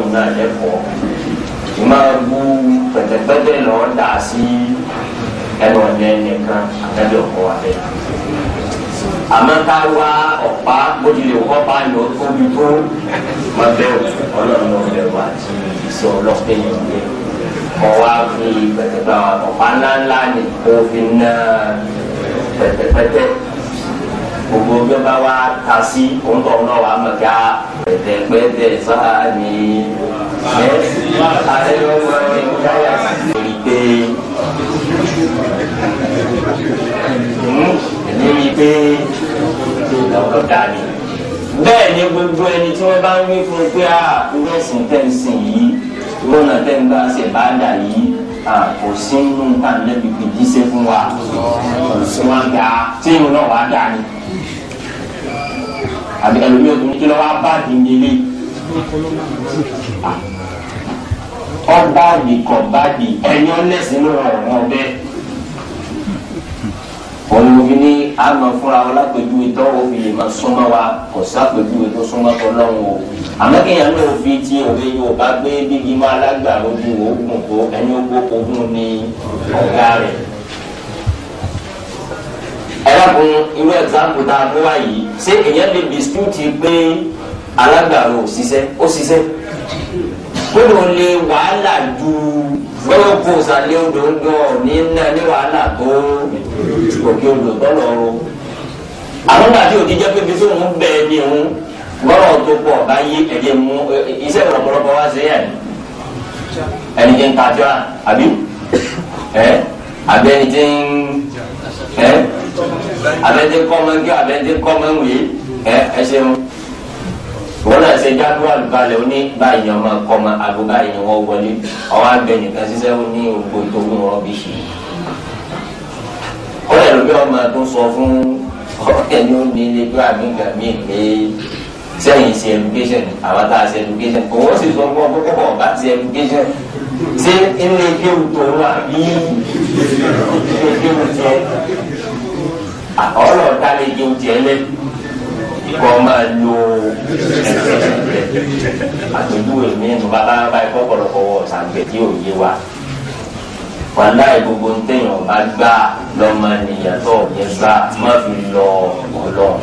òun náà lẹ́kọ̀ọ́ máa bu pẹ̀tẹ̀pẹ̀tẹ̀ lọ dà sí ẹnu ọ̀nà ẹnìkan àtàbí ọ̀pọ̀ abẹ́ àmọ́ ká wá ọ̀pá bójúlé ọ̀pá yọ tóbi tó má bẹ́ẹ̀ ọlọ́run ọ̀bẹ wà tí ìṣe ọlọ́pẹ́ yẹn gbé kọ́ wá fi pẹ̀tẹ̀pẹ̀tẹ̀ ọ̀pá ńláńlá ní kó fi ná pẹ̀tẹ̀pẹ̀tẹ̀ gbogbo bí wọn bá wá ta sí kóńtọ̀ náà wà á mọ̀ ká pẹ̀tẹ̀pẹ̀tẹ̀ sáà ní ẹ̀ àtẹ̀yẹ̀wò ẹ̀ káyà sí hmm, i pé èmi pé lọ́kọ̀ dání bẹ́ẹ̀ ni gbogbo ẹni tí wọ́n bá ń wí fún pé a irú ẹ̀sìn tẹ̀sìn yìí lọ́nà tẹ̀gbà ṣe bá dà yìí kò sí nínú nǹkan lẹ́bi fún wa kò sí wọn gbà tí ìrún náà wà dání àbí ẹlòmíràn tó ní kí lọ́wọ́ bá dìndínlé ọba àdìkọ̀ bá di ẹ̀yán lẹ́sìn ló rọrùn náà bẹ́ẹ̀ olùbí ní àmọ́ fúnra wọn lápẹjúwe tó o fi lè máa súnmọ́ wa kò sápẹjúwe tó súnmọ́ tó lọ́wọ́ o àmọ́ kéèyàn náà fi ti òwe Yorùbá gbé bíbí máa lágbàá lójú oògùn tó ẹni ó gbókòógùn ní ọ̀gá rẹ̀. ẹlẹ́kùn irú ẹ̀gzámpù tá a mú wá yìí ṣé èyàn lè dispute pé alágbàro ò wahala ó ṣiṣẹ́ lè wàhálà ju gbọ́dọ̀ kó sàlẹ̀ odò ń ní ní wàhálà tó òkè odò pé bẹ́ẹ̀ ni òun gbọ́dọ̀ tó pọ̀ bá yí ẹ̀jẹ̀ mú iṣẹ́ ìrọ̀pọ̀lọpọ̀ wá sí ẹni tí ń tajọ́ àbí àbí ẹni tí abẹ́ndé kọ́mọ́ngé abẹ́ndé kọ́mọ́wé ẹ ẹ ṣeun wọn náà ṣe jáde wà lùbalẹ̀ ó ní báyìí ni ọmọ kọ́mọ àbúgbà yìí ni wọ́n wọlé ọwọ́ abẹ́yìn kan ṣiṣẹ́ ó ní ògbó tó ń rọ́bì ṣì ó lè lóbi ọmọ tó sọ fún ọ̀rẹ́ ni ó ní ilé tó àmì gàmí pé sẹ́yìn ṣe education àwọn tá a ṣe education òun sì sọ fún ọkọ̀ kọ̀ bá ti education ṣé ilé ìgbéwù tó wà bí ilé ìgbéwù tó ọ̀rọ̀ dalẹ̀ jẹun tiẹ̀ lẹ kọ́ máa lo àtúndúwẹ̀ mi nù bàbá báyìí kọ́ pọ̀lọpọ̀ wọ̀ sàgbẹ̀ tí ò yé wa wàhálà ìgbogbo ntẹ̀yìn ọba gbà lọ́mọ nìyẹn tó yẹ gbà má fi lọ ọlọ́run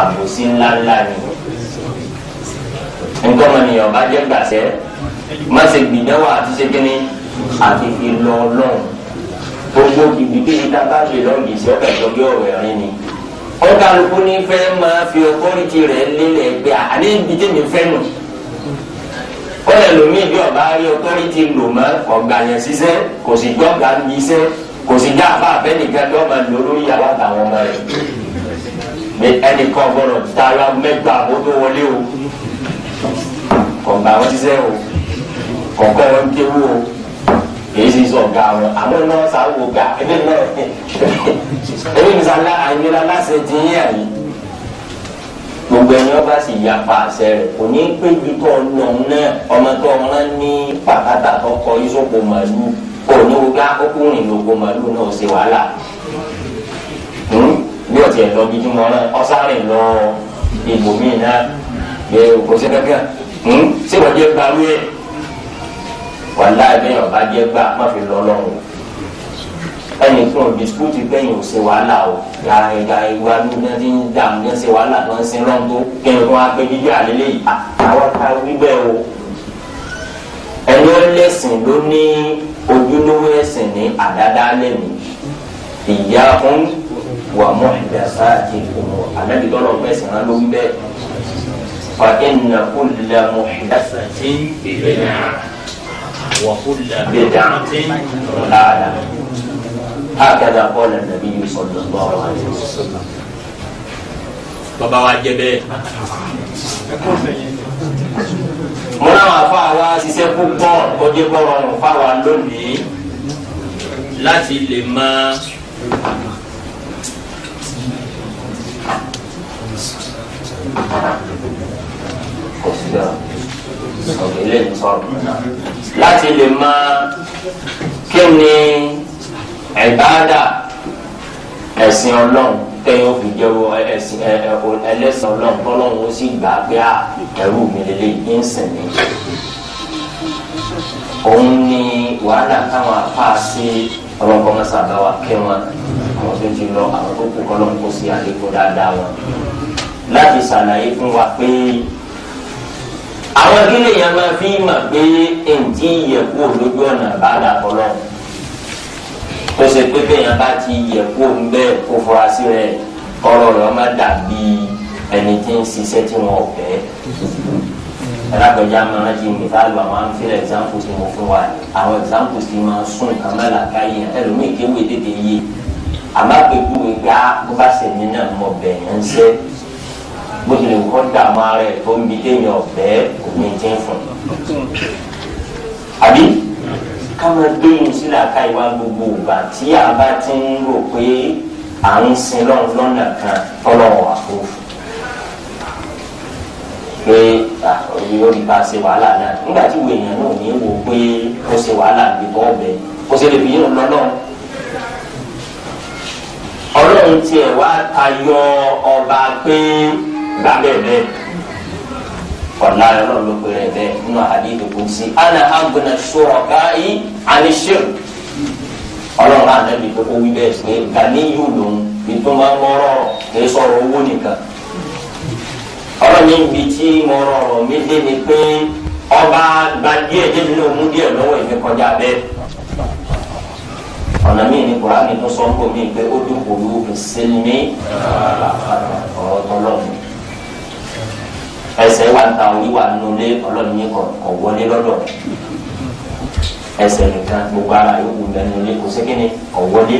àbòsí ńláńlá ni nǹkan ọmọnìyàn ọba jẹ́ gbàṣẹ́ má ṣe gbìdánwò àti ṣe kínní àti fi lọ ọlọ́run gbogbo kìbìkì yìí tá a bá lè lọ́ọ̀dì sí ọ̀kẹ́ ìtọ́jú ọ̀rọ̀ ẹ̀rín ni. ọ̀gá àlùkò ní fẹ́ máa fi ọkọ́rìtì rẹ̀ lélẹ̀ gbé àní ibi mi fẹ́ nù. ọ̀rẹ́ lomi bí ọba rí ọkọ́rìtì lò mọ́ ọ̀gá yẹn ṣiṣẹ́ kò sì gbọ́gà ní iṣẹ́ kò sì dá àbá àfẹ́ tó máa lò lórí yàrá àtàwọn ọmọ rẹ̀ ẹnì kan gbọ́dọ̀ tara mẹ́gbàá bó wọlé o kọ̀ọ̀gbà wọn ṣiṣẹ́ o kọ̀ọ̀kọ́ èyí sì sọ ga wọn àmọ́ náà sáwọ ga ebi náà ebi nìsa ńlá àyìnbíra láṣẹ ti ń yà yìí gbogbo ẹni ọba sì ya paṣẹ rẹ kò ní pé ju tó ọ̀nà náà ọmọ tó ọmọ ní pàtàkì àkọ́kọ́ ìsopọ màlúù kò ní wọgá ọkùnrin lóko màlúù náà ṣe wàhálà hmm? bí ọtí ẹ lọ gidi mọ náà ọsàrìn lọ ibòmíì náà yẹ òkòṣẹ́ kankan hmm? ṣé wọ́n jẹ́ balùwẹ̀ wàhálà ẹgbẹ́yìn ọba jẹ́ gbà má fi lọ lọ́wọ́ ẹnì kan bìsíkúùtì gbẹ̀yìn ò ṣe wàhálà o gàrẹ́gà ìwà lóná ti ń dà mí ṣe wàhálà tó ń sin lọ́n tó kí n wá gbé jíjẹ́ àlélẹ́ yìí àwọn ká wíbẹ̀ o ẹni ọlẹ́sìn ló ní ojúlówó ẹ̀sìn ní àdáda lẹ́nu ìyá fún wàmú ìdásá àti ìfowó àlẹ́bìtọ́lọ́ gbẹ̀sìn rán ló wíbẹ̀ fa inna kulla muhdathatin bid'ah. وكل بدعة ضلالة هكذا قال النبي صلى الله عليه وسلم baba wa jẹ bẹ́ẹ̀ mo náà wà fún àwa ṣiṣẹ́ púpọ̀ ojú bọrọ ọrùn fáwa lónìí láti lè mọ kọsídà òkè lè ń sọ̀rọ̀ láti lè mọ kí ni ẹ̀báàdà ẹ̀sìn ọlọ́run tẹ́yìn òfin jẹ́wọ́ ẹ̀sìn ẹlẹ́sìn ọlọ́run tọ́lọ́run ó sì gbà pé à ẹ̀rù mi lè lè ń sìn ní. òun ni wàhálà táwọn apá sí ọlọ́kọ́ mọ́sàbá wa kí wọn àwọn tó ti lọ àwọn tó kù kọ́ lọ́n kó sí àlékún dáadáa wọn láti ṣàlàyé fún wa pé àwọn kílè yẹn máa fi mà pé èntì yẹ kó lójú ọ̀nà àbáda ọlọ́ tó ṣe pé bẹ́yẹn bá ti yẹ kó ń bẹ́ kó fura sí rẹ̀ kọ́rọ̀ rẹ̀ ọmọ dàbí ẹni tí ń ṣiṣẹ́ tí wọ́n fẹ́ alágbèjà máa ń jí mìtálù àwọn àǹfẹ̀rẹ̀ ẹ̀sáǹpù tí mo fún wa àwọn ẹ̀sáǹpù tí máa ń sún kàmẹ́là káyé ẹlòmíì kéwèé tètè yé àmọ́ àgbẹ̀kú bó bá ṣẹ̀mí náà mọ̀ bẹ̀yẹn ń ṣẹ́ bó tilẹ̀ ń kọ́ dààmú ara ẹ̀ tó ń bi téèyàn ọ̀bẹ́ kò ní tí ń fún un. àbí ká máa gbẹ̀yìn sílẹ̀ ká ìwà gbogbo ìgbà tí a bá ti ń rò pé à ń sin lọ́run lọ́nà kan fọlọ́run àfọwọ́fù pé lórí bá a ṣe wàhálà náà nígbà tí ìwé èèyàn náà ní wo pé ó ṣe wàhálà bí bọ́ọ̀bẹ ó ṣe lè fi yín lọ́nà ọlọ́run tiẹ̀ wá tayọ ọba pé gbà bẹ́ẹ̀ bẹ́ẹ̀ ọ̀la ọlọ́run ló pe rẹ̀ bẹ́ẹ̀ nínú àdéhùn kò sí ana agbọ̀nà sọ̀rọ̀ káyí àní ṣẹ́rù ọlọ́run náà nẹ́bi kókó wí bẹ́ẹ̀ pé gani yóò lòun ìtún máa ń mọ́rọ̀ kì í sọ̀rọ̀ owó nìkan ọlọ́run ní ibi tí mo rọrọ̀ mi dé ni pé ọba gba díẹ̀ débi ní òun díẹ̀ lọ́wọ́ ìfi kọjá bẹ́ẹ̀ ọ̀nà míì ní kùránì tó sọ ń bò mí pé ó dúkòó ló fi sílmi ọ̀rọ̀ tó lọ́ọ̀mù ẹsẹ̀ wà ń ta oníwà nulẹ̀ ọlọ́run ní kọ̀ wọlé lọ́dọ̀ ẹsẹ̀ nìkan gbogbo ara yòókù bẹ́ẹ̀ nulẹ̀ kò sí kíni kọ̀ wọlé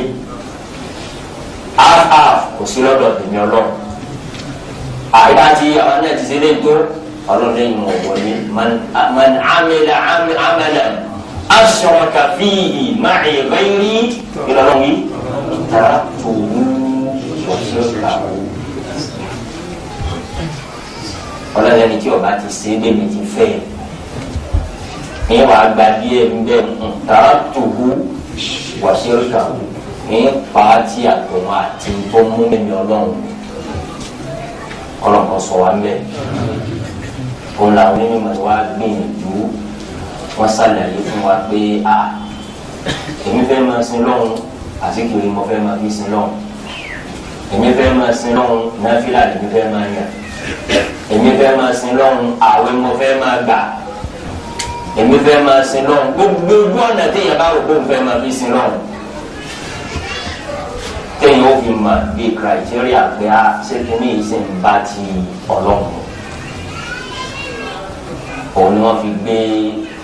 half half kò sí lọ́dọ̀ tèmi ọlọ́run àyíká tí àwọn náà ti ṣe lé tó ọlọ́run lè yìn wọlé man amẹ́lẹ̀ amẹ́lẹ̀ asọ̀rọ̀kà fíìhì máa ẹ̀rẹ́ rí ìlọ́lọ́wí tààtò wọ́n ṣe é kàwé ọlọ́run ẹni tí ọba ti ṣe é bẹ́ẹ̀ ti fẹ́ ẹ̀ ní wàá gba díẹ̀ ńbẹ́ ntàrà tòhu wàṣẹ́ríkà ní pàtí àtọ̀wọ̀n àti tó mú mi ọlọ́run kọlọ́kọ sọ wa ńbẹ́ òun làwọn onímọ̀ wa gbìyànjú wọ́n ṣàlàyé fún wa pé a èmi fẹ́ máa sin lọ́run àti kiri mo fẹ́ máa fi sin lọ́run èmi fẹ́ máa sin lọ́run náfìlà lèmi fẹ́ máa yàn èmi fẹ́ máa sin lọ́run àwẹ̀ mo fẹ́ máa gbà èmi fẹ́ máa sin lọ́run gbogbo ojú ọ̀nà téèyàn bá rò pé òun fẹ́ máa fi sin lọ́run téèyàn ó fi mọ̀ bí criteria pé a ah, ṣé kíní yìí sì ń bá ti ọlọ́run òun ni wọ́n fi gbé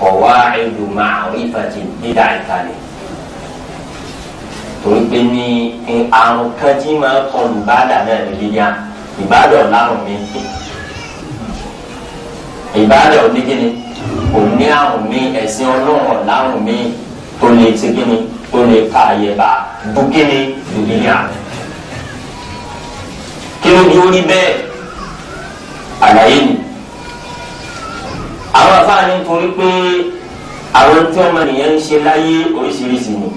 ọ̀wá ìdùnmọ̀ àwọn ìfàtí dídá ìkàlẹ̀ torí pé ní àrùn kan tí máa ń kọlù bá dà náà níbi yá ìbádọ̀ lárùn mi ìbáàdà òní kíni òní àrùn mi ẹ̀sìn ọlọ́run ọ̀làrùn mi tó lè ti kíni tó lè ka àyẹ̀bá bu kíni dùnìyà kí ló ní bẹ́ẹ̀ àlàyé ni àwọn afáàní torí pé àwọn tí ọmọ nìyẹn ń ṣe láyé oríṣiríṣi ni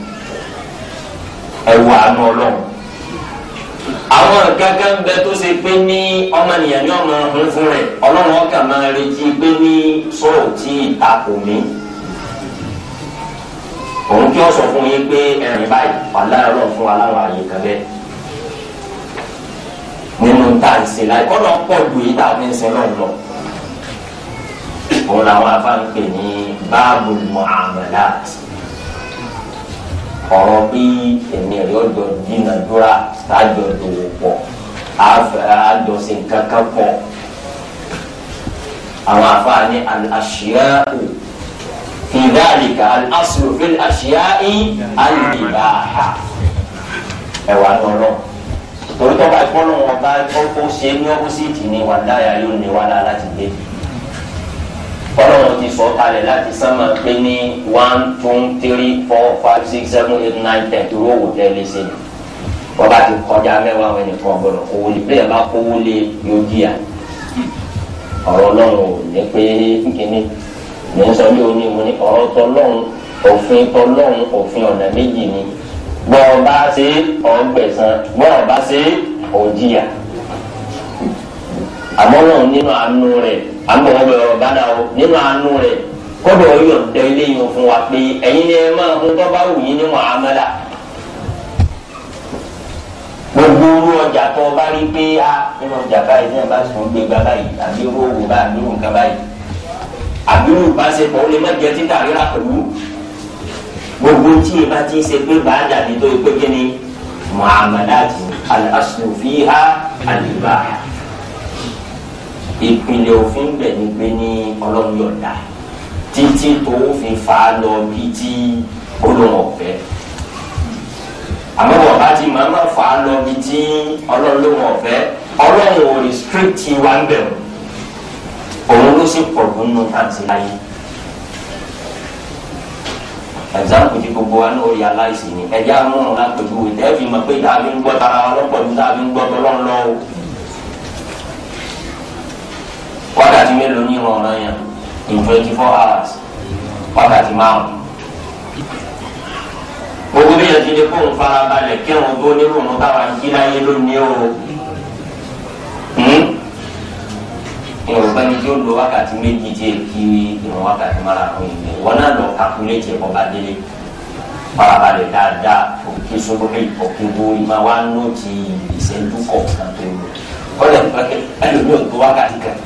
ẹ̀wọ̀ àánú ọlọ́run àwọn gángan bẹ tó ṣe pé ní ọmọnìyàn ní ọmọ ọhún fún rẹ ọlọ́run ọkà máa retí pé ní sọ̀rọ̀ tí ìtakò mí òun kí wọ́n sọ fún yín pé ẹ̀rìn báyìí aláàárọ̀ fún aláwọ̀ àyè kan bẹ́ẹ̀ nínú tá à ń ṣe láì kọ́nà pọ̀ ju èyí tá a fi ń ṣe náà lọ òun làwọn afá ní báàbù muamalat ọ̀rọ̀ bí èmi rẹ̀ ọ̀dọ̀ dínàdúrà tájọ dòwò pọ̀ àjọsìn kankan pọ̀ àwọn afáàní àṣìyáwó fìdálìkà àṣìlòfin àṣìyáì àlìbáà ẹ̀wà lọ́rọ̀ torí tó bá gbọ́n lọ́wọ́ bá ó ṣe ní ọ́pọ́sìtì ni wà láyà yóò ní wàhálà láti dé ọlọ́run ti sọ kalẹ̀ láti sánmà pé ní one two three four five six seven eight nine ten tó wò wò tẹ́lẹ̀ sẹ́yìn bọ́ba ti kọjá mẹ́wàá àwọn ẹnìkan gbọ́dọ̀ kówó lé bẹ́ẹ̀ bá kówó lé yóò jìyà ọ̀rọ̀ ọlọ́run ò ní pé kíni mò ń sọ ní mo ní ọ̀rọ̀ tọlọ́run òfin tọlọ́run òfin ọ̀nà méjì ni bọ́ọ̀bá ṣe ọ̀gbẹ̀sán bọ́ọ̀bá ṣe òjìyà àmọ́ náà nínú àánú rẹ̀ àmọ́ ọ̀bá náà nínú àánú rẹ̀ kọ́dọ̀ yọ̀ǹda eléyìí fún wa pé ẹ̀yin ni ẹ máa fún tọ́ gbogbo owó ọjà tó o bá rí pé a ah, nínú ọjà báyìí náà bá sùn gbé gba báyìí àbí owó owó bá àbí owó nǹkan báyìí àbí owó bá ṣe pọ̀ ó lè má jẹ́ títà rírà pẹ̀lú gbogbo tí ìbá ti ṣe pé bàá dàbí tó ipé kí muhammadat al-aslufiha al-ibaha ìpìlẹ̀ òfin bẹ̀ ni pé ní ọlọ́run yọ̀ọ̀dà títí tó fi fà lọ bí tí ó lọ́wọ́ àmọ́ wọ́n bá ti máa máa fà á lọ bí tí ọlọ́run ló wọ̀n fẹ́ ọlọ́run ò restrict wa ń bẹ̀ o òun ló sì pọ̀ fún nù tàǹtí láyé ẹ̀sáǹpù tí gbogbo wa náà rí aláìsí ni ẹ̀já mọ̀ràn lápẹ̀jú ìtẹ́ fi mọ̀ pé dáàbí ń gbọ́ tara wa lọ́pọ̀ ju ń gbọ́ tọ́lọ́run lọ o wákàtí mélòó ní ìrọ̀rùn in twenty four hours wákàtí márùn-ún téèyàn ti lè kó ń farabalẹ̀ kẹ́wọ̀n tó nínú ọ̀nà táwa ń jí láyé lónìí o. ìwọ̀nba hmm? ni tí ó lo wákàtí méjì tí èkì ìwọ̀n wákàtí mara àwọn ènìyàn wọn náà lọ kakule tiẹ̀ kọ́ bá délé farabalẹ̀ dáadáa òkè sọ́dọ̀kẹ́ òkè borí máa wá nù ti ìṣẹ́jú kọ̀ọ̀kan tó lò kọ́lẹ̀ pàkẹ́ ẹlòmíì ò tó wákàtí kan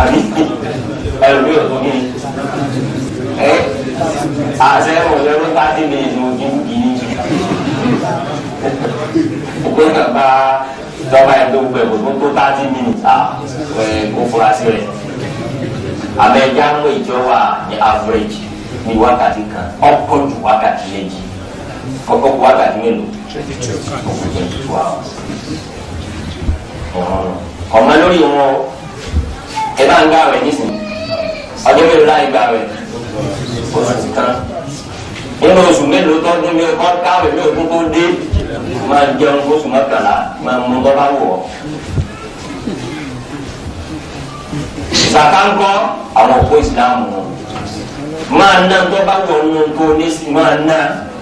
àbí ẹlòmíì ò tó àṣẹ òṣèré pàtí lè lo gígì ní pé bàbá ìjọba ẹ̀ tó gbẹ̀ kó tó pàtí ní ìta kó fura sí rẹ̀ àbẹ̀já ń pè ìjọba ní average ní wákàtí kan ọkọ̀ ju wákàtí méjì ọkọ̀ ju wákàtí mélòó ọkọ̀ jẹ́ ìtura ọmọ lórí wọn ẹ bá ń gbà rẹ̀ nísìnyí ọjọ́ mélòó láì gbà rẹ̀ oṣù kan nínú oṣù mélòó tó dún ní ọkọ káwé ní oṣù tó dé máa jẹun oṣù mọ́kànlá máa mú bọ́lá wọ̀ sàkánkọ àwọn òkú ìsìlámù máa ná tó bá wọ̀ nù tó ní sí máa ná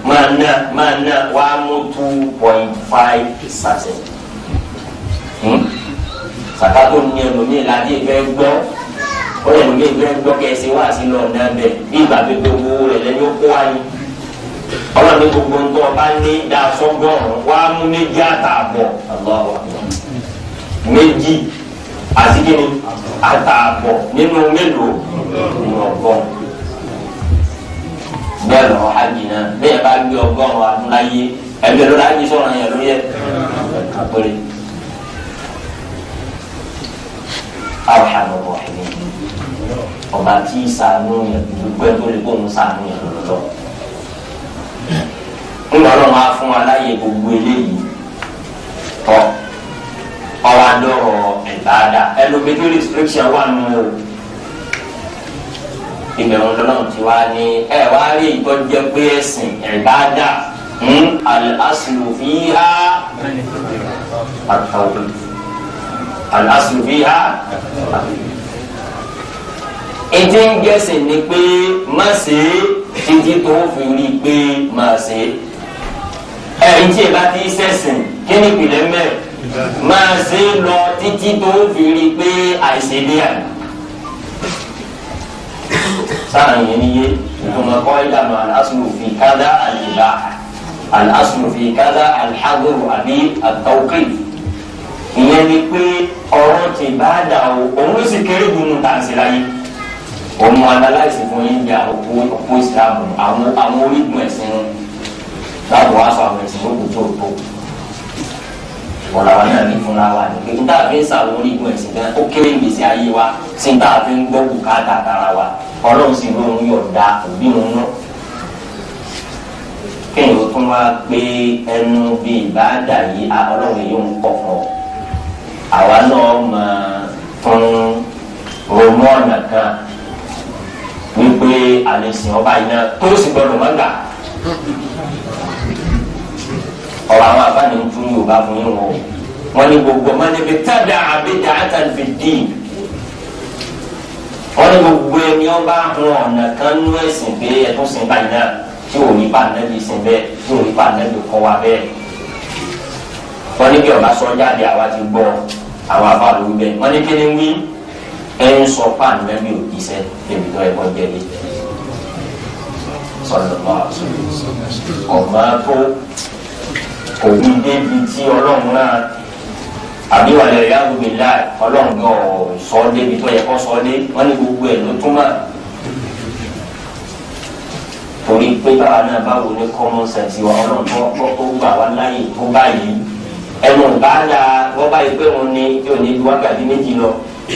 máa ná máa ó lè ní ìgbẹ́ gbọ́kẹ́ ẹsẹ̀ wá sí lọ náà bẹ̀ bí ìgbà pépé owó rẹ̀ lẹ́yìn ó kó wa ni. ọlọ́run ní gbogbo nǹkan ọba ní dasọ́gọ́rùn wá mú méjì àtààbọ̀ méjì àti kíni àtààbọ̀ nínú mélòó nínú ọgọ́rùn bẹ́ẹ̀ lọ́wọ́ hajj náà bẹ́ẹ̀ bá gbé ọgọ́rùn adúláyé ẹgbẹ́ lọ́la hajj sọ̀rọ̀ yẹn ló yẹ àpẹẹrẹ. arhamu rahim ọba tí sànú yẹn dúpẹ́ tó lè kóhun sànú yẹn lọ́tọ̀ ńlọ lọ́wọ́ á fún wa láyè gbogbo eléyìí tọ́ ọwọ́ adọ́rọ̀ ìbáadà ẹlòmídìí restriction wà nù ní ẹ wàá rí ìtọ́jú pé ẹ̀sìn ìbáadà al-aslu fiha àtàwọn al-aslu àtàwọn ètí ń jẹ́sìn ni pé má ṣe é títí tó fi rí i pé má ṣe é ẹ̀yìn tí ìbá ti sẹ̀sìn kí ni ìpìlẹ̀ mẹ́ má ṣe é lọ títí tó fi rí i pé àìṣe dé àná sáà yẹn níye ìtumọ̀ ìdààmú al-aslu fi kadha al-ibaha àbí at ìyẹn ni pé ọ̀rọ̀ ti bá dà o òun ló sì kéré dùnú tàǹsì láyé òun analyse fún yín bí àpò òpó islam àwọn àwọn orígun ẹ̀sìn láàbò wá sọ àwọn ẹ̀sìn lókùn tó tó wọn làwọn náà ní fúnra wa ní pé níta àfi ń sàwọn orígun ẹ̀sìn gan ó kéré ìgbésí ayé wa sí níta àfi ń gbọ́ bùkátà tara wa ọlọ́run sì ló ń yọ̀ọ̀da òbí òun náà kéèyàn ó wá pé ẹnu bíi ìbáàdà yìí ọlọ́run yóò ń pọ̀ àwa náà máa tún ronú ọ̀nà kan wípé alẹ́ sìn ọba yìí náà tó sì gbọdọ̀ má gbà ọ̀rọ̀ àwọn abáni ń tún yorùbá fún yín wọn wọn ní gbogbo wọn ní bí tádà àbí dàáta fi dín wọn ní gbogbo ẹni ọba hun ọ̀nà kan nú ẹ̀sìn pé ẹ̀tún sìn báyìí náà tí ò ní bá nẹ́bí sìn bẹ́ẹ̀ tí ò ní bá nẹ́bí kọ́ wa bẹ́ẹ̀ wọn ní bí ọba sọ jáde àwa ti gbọ́ àwọn abáni wí bẹ́ẹ̀ wọn ní kí ni wí ẹ ń sọ pa ànábì òjíṣẹ́ débi tó ẹkọ jẹbi sọlọmọ ọmọ tó kò ní débi tí Ọlọ́run náà àbí wàlẹ̀ ìyá gbogbo ìlà Ọlọ́run náà sọ débi tó yẹ kó sọ dé wọ́n ní gbogbo ẹ̀ ló túmọ̀ torí pé báwa náà báwo ní common sense wa Ọlọ́run tó tó gbà wá láyè tó báyìí ẹnu ìbára wọ́n báyìí pé wọ́n ní yóò ní wákàtí méjì lọ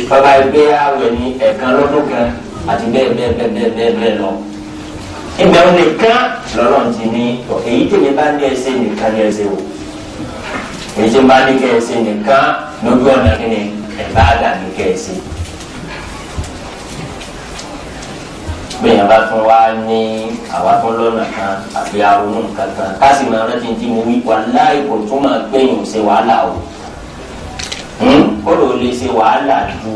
bàbá gbé àwẹ̀ ní ẹ̀ẹ̀kan lọ́dún kan àti bẹ́ẹ̀ bẹ́ẹ̀ bẹ́ẹ̀ bẹ́ẹ̀ bẹ́ẹ̀ bẹ́ẹ̀ lọ. ìgbà wo nìkan lọ́rọ̀ ti ní èyí tèmi bá ní ẹsẹ̀ nìkan ní ẹsẹ̀ wò èyí tèmi bá ní kẹsẹ̀ nìkan lójú ọ̀nà kíni ẹ̀bá àgbà ní kẹsẹ̀. bẹ́ẹ̀ bá tún wá ní àwa tún lọ́nà kan àbí arúnú kankan ká sì máa rántí tí mo wí wà láì máa gbẹ̀yìn ṣe wàhálà o. Hmm? kódò lè ṣe wàhálà ju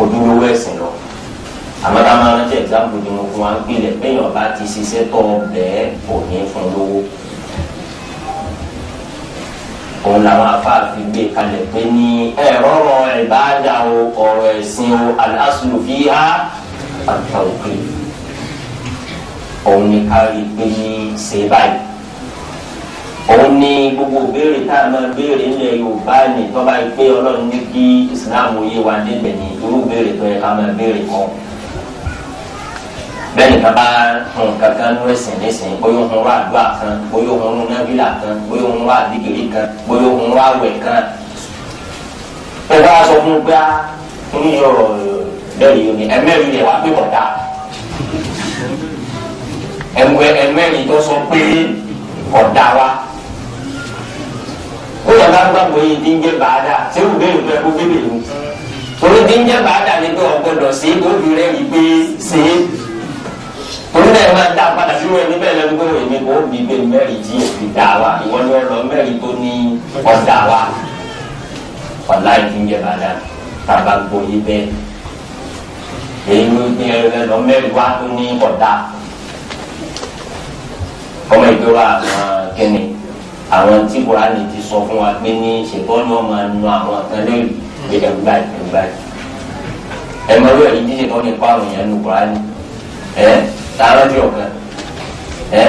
ojúlówó ẹ̀sìn lọ àmọ́ tá a máa rántí ẹ̀gbáǹpù ni mo fún wa ń pilẹ̀ bẹ́ẹ̀ ọba ti ṣiṣẹ́ tọ́ bẹ́ẹ̀ kò ní fún lówó òun làwọn afáàfin gbé kalẹ̀ pé ní ẹ̀rọ ọ̀rọ̀ ìbáàdà o ọ̀rọ̀ ẹ̀sìn o aláṣùlù fi há àtàwọn òkè òun ni ká pé ní ṣe òun ni gbogbo béèrè tá a máa béèrè ńlẹ̀ yorùbá ni tọ́ba pé ọlọ́run ní kí islam yé wa débẹ̀ ni irú béèrè tó yẹ ká máa béèrè kan bẹ́ẹ̀ nìkan bá hun kankan nú ẹ̀sìn nísìn bóyá òun wá àdúrà kan bóyá òun nú nábìlà kan bóyá òun wá àdìgìrì kan bóyá òun wá àwẹ̀ kan ó wá sọ fún un pé a ń bẹ́ẹ̀ yóò ẹ̀mẹ́rin rẹ̀ wá pé bọ̀dá ẹ̀mẹ́rin tó sọ pé bọ̀dá wa ó wà lágbàgbọ́ yìí ti ń jẹ́ bàádà ṣé o bẹ́ẹ̀ bẹ́ẹ̀ kó bébè ni torí ti ń jẹ́ bàádà ni pé ọ̀gbọ́dọ̀ ṣe é tó fi rẹ́ yìí pé ṣe é torí náà máa dá padà sí wọn níbẹ̀ lẹ́nu pé èmi kò bí bẹ́ẹ̀ mẹ́rin tí èmi dá wa ìwọ ni ọlọ mẹ́rin tó ní ọ̀dà wa ọ̀la yìí ti ń jẹ́ bàádà tàbá gbọ́ yìí bẹ́ẹ̀ èyí ni ẹlọ mẹ́rin wa tó ní ọ̀dà ọmọ ìdúrà kẹ́ni àwọn tí buhari ti sọ fún wa pé ní ṣètọ́ni ọmọ nu àwọn kan lẹ́yìn gbẹdẹ gbà gbà ẹ mọ lóyè yìí díje náà nípa àwọn èèyàn nu buhari ẹ tààrọ tí ọkàn ẹ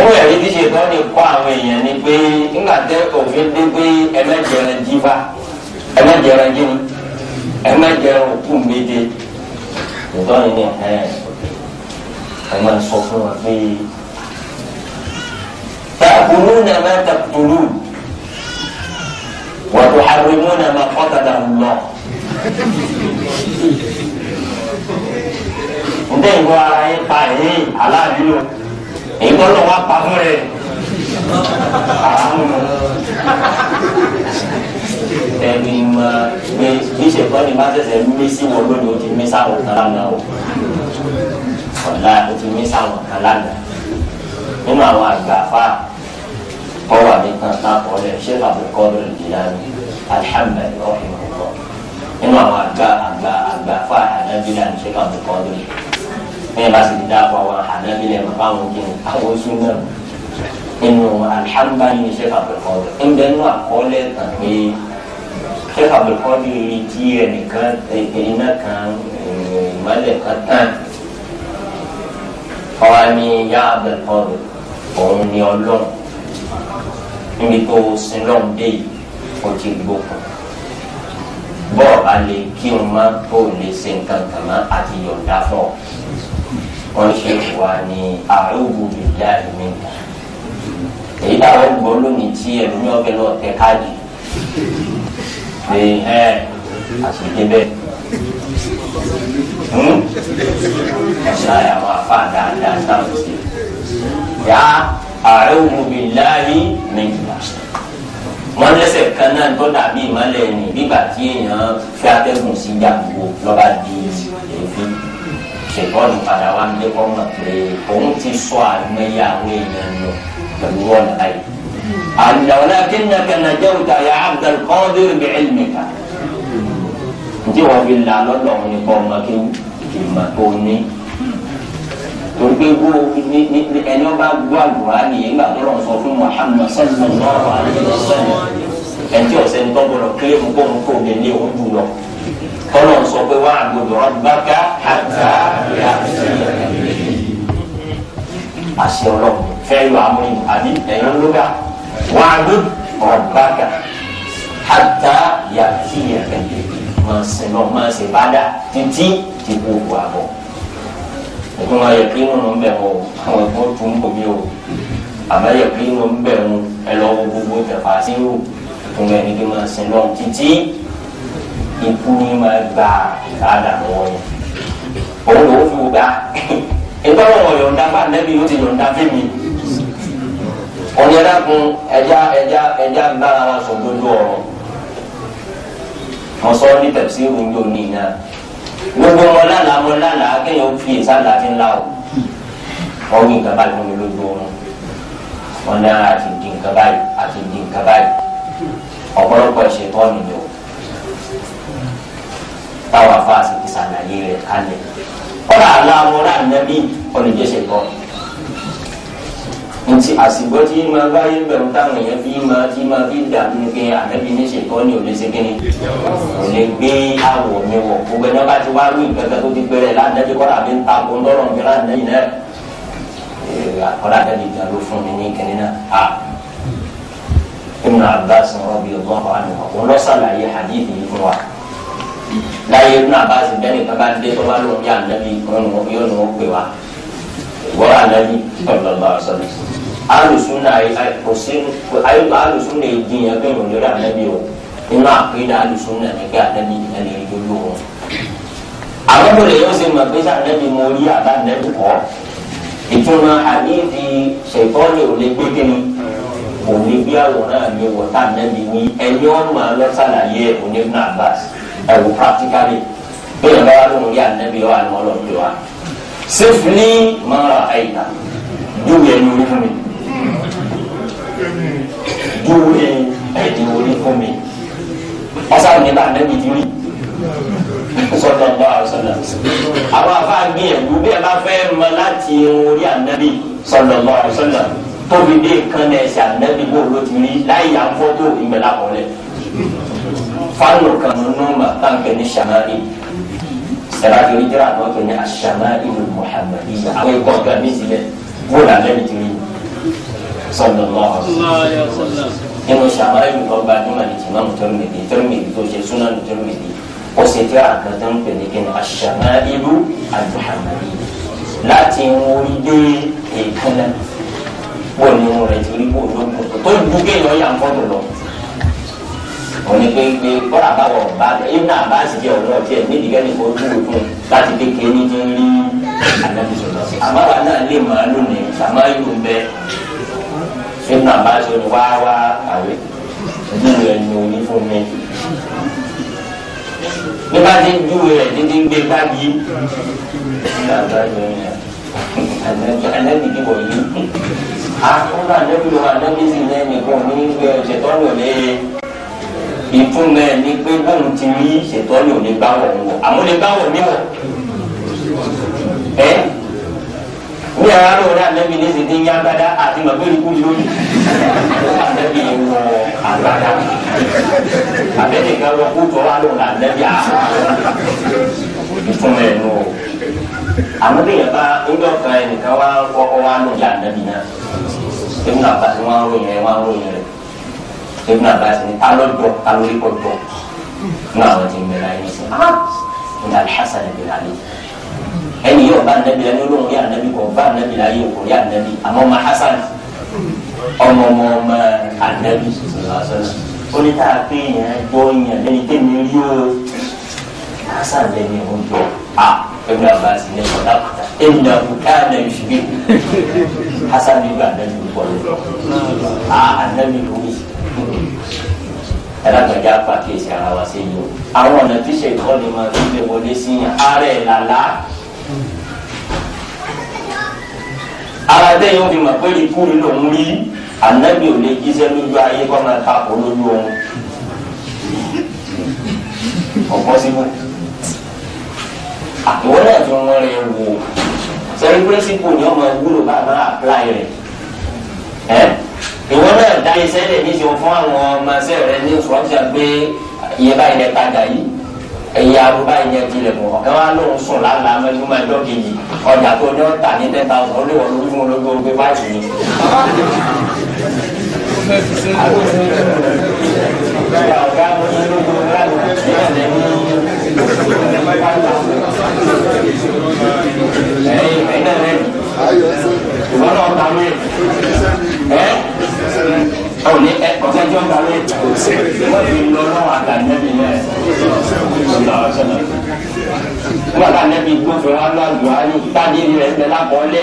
ìwé yìí díje náà nípa àwọn èèyàn ni pé nígbà tẹ òfin dé pé ẹ jífa ẹ má jẹran òkú méje ìtọ́ni ni ẹ máa sọ fún wa pé. تأكلون ما تقتلون وتحرمون ما قتله الله ǹjẹ́ ìwọ ara yín pa èyí aláàbí o èyí tó lọ wá pa fún rẹ àánú ẹni mọ gbé níṣẹ kọ́ ni bá tẹ̀sẹ̀ mí sí wọn lónìí o ti mí sáwọn kan lánàá o ọ̀la o ti mí sáwọn kan lánàá nínú àwọn àgbàfà ọwà mi kan lápò ọlẹ ṣé àbùkọ́dọ̀ ìdíyàní alhamdulilayi rahimahullah nínú àwọn àgbà àgbà àgbàfà ànábìlẹ̀ àti ṣé àbùkọ́dọ̀ bẹ́ẹ̀ bá sì ti dáàbò àwọn ànábìlẹ̀ bàbá àwọn kìnnì àwọn oṣù náà nínú alhamdulilayi ṣé àbùkọ́dọ̀ ń bẹ́ẹ̀ nínú àkọọ́lẹ̀ kan pé ṣé àbùkọ́dọ̀ yìí tí ọ̀rọ̀ ni yá abẹ́kọ̀rọ̀ òun ni ọlọ́run níbi tó sin lọ́run dé yìí ó ti gbókun bọ́ọ̀ bá lè kí n má tó lè ṣe nǹkan kan mọ́ àti yọ̀ǹda fún ọ wọ́n ṣe wà ní àrùbù ìyá mi èyí táwọn gbọ́ lónìí tí ẹ̀rù ní ọbẹ̀ náà tẹ káàdì pé ẹ àṣìṣe bẹ́ẹ̀ ṣáyà wà fà dáadáa táwọn ṣe yá a'udhu billahi nìyíwá wọn lẹsẹ kan náà tó dàbí ìmọ́lẹ̀ ni nígbà tí èèyàn fi atẹ́gùn sí jàǹgbò lọba di èéfín ṣèkọọlù padà wà nílé kọmọ pé òun ti sọ àmọye àwọn èèyàn lọ pẹ̀lú ọ̀nà báyìí. àlọ́ náà kí nàkànnà jẹ́ òkà yà Abdul Qadir bi ilmika tí wọ́n fi là lọ́dọ̀ òun ni kọ́ ọmọ kéwù ìmọ̀ tó ní gbogbo ní ní ní ẹni ọba gbọ́ àgùrá nìyẹn gbà tó lọ́n sọ fún Muhammad sallallahu alayhi wa sallam ẹtí ọ̀sẹ̀ ń tọ́gbọ̀rọ̀ kílẹ̀ mú kó mú kó lè ní ojú lọ kọ́lọ̀ sọ pé wọ́n àgbọ̀dọ̀ rabbaka hatta yà sí àṣẹ ọlọ́run fẹ́ẹ́ yọ àmúrin àbí ẹ̀yọ́ lóga wọ́n àgbọ̀dọ̀ rabbaka hatta yà sí ẹ̀kẹ́ máa sin lọ máa ṣe bàdà títí ti kú òkú àbọ̀ òkun ayọ̀ kí nínú ń bẹ̀ wọ́n àwọn ẹ̀kọ́ tó ń bò mí o àmọ́ ayọ̀ kí nínú ń bẹ̀ wọ́n ẹ lọ wo gbogbo tẹ̀fà sí rò òkun ẹni kí máa sin lọ títí ikú ni máa gba ìbàdà lọ́wọ́ yẹn òun lòún fi gbà ìgbà wọn ò yọ̀ǹda bá nẹ́bí ó ti yọ̀ǹda fẹ́mi ọ̀nyẹ́dàkùn ẹja ẹja ẹja ń bára wa sọ gbogbo ọ̀rọ̀ mo sọ ní tẹ̀sí ìrúndò ní iná gbogbo mo lálàá mo lálàá kéèyàn fi ìsàlà ti ńlá o wọ́n wí nǹkan báyìí fún mi lójú oorun wọn ní àti di nǹkan báyìí àti di nǹkan báyìí ọ̀pọ̀lọpọ̀ ìṣètò ọ̀nìyàn o táwọn afáàsì ti sàlàyé rẹ̀ kálẹ̀ kọ́lá aláwọ̀ rà nàbí ọ̀nìjẹ́sẹ̀ tọ́ni nti àsìgbọ́ tí ma báyé bẹ̀rù táwọn èèyàn fi ma tí ma fi dàbí pé ànábi ní ṣèkọ́ ní òde ṣẹ́kẹ́ni kò lè gbé àwọ̀ mi wọ̀ gbogbo ẹ̀dá bá ti wá wí gẹ́gẹ́ tó ti pẹ́rẹ́ ládàjẹ́ kọ́ra àbí ń ta kó ń tọrọ nǹkan ládàjẹ́ náà àkọ́dá àdàjẹ́ ìjà ló fún mi ní kẹ́ni náà a Ibn Abbas rọ́bì ọlọ́kọ̀ àná òun lọ sàlàyé hadith yìí fún wa láyé Ibn Abbas bẹ́ẹ̀ni kan bá dé tó bá lóun yá ànábi yóò nù ó pè wá ìwọ́ra ànábi ọ̀lọ́lá ọ̀sán alùsùnà kò sí ayọ̀kọ̀ alùsùnà ìjìyàn pé ìròyìn rẹ̀ ànábì o inú àpéjà alùsùnà ní pé ànábì ìjìyàn lè rí lóhùn. àwọn tó lè yọ sí mọ̀ pé sànábì mo rí àbá ànábì kọ́ ìtumọ̀ àdéhìí ṣèkọ́lẹ̀ ò lè gbé kíni kò lè gbé àwòrán mi wọ̀ tá ànábì ní ẹni wọ́n máa lọ sàlàyé onígun àbáṣ ẹ̀wù practically bí ìyàbá wa lóhùn rí ànábì wa ni wọ́n lọ gbé wa. mọ́ra àyíká júwe ẹ̀dínwó ní fún mi ọ̀sán ní bá ànábì ti rí sọ̀tọ̀ bá sọ̀tọ̀ àwọn afáàgbé ẹ̀dú bí ẹ bá fẹ́ mọ láti orí ànábì sọ̀tọ̀ bá sọ̀tọ̀ tóbi dé kan náà ẹ̀sẹ̀ ànábì bó ló ti rí láì yà ń fọ́tò ìgbẹ́lá kan rẹ̀ fáwọn kan nínú màtá ń bẹ ní sàmárì sàràkì onídìrà àná ní asàmárì ní muhammadu àwọn ikọ̀ ọ̀gá mi sílẹ̀ wọ́n làlẹ́ mi ti rí sallallahu alaihi wasallam nínú sàmárà yìí lọ́ọ́ bá nímọ̀ ní tìmọ̀ Tirmidhi Tirmidhi tó ṣe Sunan Tirmidhi ó ṣe tí a kan tó ń pè ní kí ni aṣ-Ṣamā'ilu al-Muhammadiyya láti orí dé èkánná wọ́n ní irun rẹ̀ ti rí bó ló kù tó ju kéèyàn yà ń fọ́tò lọ. òní pé pé kọ́ra báwọ̀ bá rẹ̀ ibùdó àbáàsì jẹ́ ọ̀rọ̀ ọ̀tí ẹ̀ nídìí kẹ́ni kò dúró fún láti kékeré ní ti ń rí àdàbí sọ̀rọ̀ sí. àbáwá náà lè máa lónìí sàmáyò ń bẹ́ẹ̀ nígbà bá ṣe wá wá àwẹ̀ ojú rẹ̀ ni òní fún mi ní bá ti ju rẹ̀ dídí ń gbé gbági nígbà bá ṣe wọ́n yà ànẹ́bí kí wọ́n yí akọ́nà ànẹ́bí lọ́wọ́ ànẹ́bí sì ní ẹnìkan ní gbé ṣètọ́nù ní ìfúnná ẹ̀ ní pé bóun ti rí ṣètọ́nù ní báwọ̀ wọ̀ àmúlẹ̀ báwọ̀ níwọ̀ ẹ́ ní ara ló rẹ anabi ní sèdí ń yágbádá àti màgbéri kú lónìí anabi wọ agbádá abẹ́rẹ́ ìka lọ kú tọ́ wa ló rẹ anabi a ìtumọ̀ ẹ̀ nù o àmọ́ bí yẹn bá ńjọ kan ẹnìkan wá kọ́kọ́ wá lóye anabi náà ebi náà bá ti wọn ròyìn rẹ wọn ròyìn rẹ ebi náà bá ti ní alọ́dọ̀ alórí kọ́ dọ̀ ní àwọn ti ń bẹ̀rẹ̀ sọ ah ní alhassan ibi nàlẹ́ ẹni yóò bá anabi la ní olóhùn yá anabi kò bá anabi la yóò kò yá anabi àmọ́ ma hasan ọmọ ọmọ ọmọ anabi ó ní tá pé yẹn gbọ́ yẹn lẹ́ni tẹ́ mi rí o hasan lẹ́ni ò ń jọ a ẹ̀mí abasi ní ọ̀dà kùtà ẹ̀mí náà kò ká anabi fi bí hasan bí bá anabi bọ̀ lọ a anabi ló wí alágbàjá pàkíyèsí ara wa sí yìí o àwọn ọ̀nà tíṣe ìkọ́ni máa ń gbé wọlé sí yẹn ara ẹ̀ ara tẹ́yìn òfin mọ̀ pé ikú ni lòún rí ànábì ò lè jíṣẹ́ lójú ayé kọ́ máa ta kó lójú ohun ọ̀pọ̀ síbò àtọwọ́ náà fi wọ́n rẹ̀ wò sẹ́yìn pírẹ́sìpù ni ọmọ ìwúlò bá máa apply rẹ̀ ẹ́ ìwọ náà dá iṣẹ́ lẹ̀ níṣẹ́ fún àwọn ọmọ iṣẹ́ rẹ̀ ní oṣù ọ̀sẹ̀ pé iye báyìí lẹ́ta gà yìí ẹ̀yà arúgbó ìyẹn tilẹ̀ mọ̀ ọ̀kẹ́ wa lóun sùn lálẹ́ amẹ́túmọ̀ ẹjọ́ kejì ọjà tó ní ọ̀tà ní ten thousand olè wọ́n lójú wọn lójú ogbe fáìsì ni. Ayọ̀ ẹ̀sẹ̀. Ìwọ́n náà ta mí. Ẹ́ ọ ní ẹ ọtí ẹjọ ń darí wọn fi lọ lọ́wọ́ àtàlẹbi yẹn ọlọ ọsẹlẹ wọn àtàlẹbi gbófin wọn lọ àgbò ayé tani rẹ ń bẹ lápọlẹ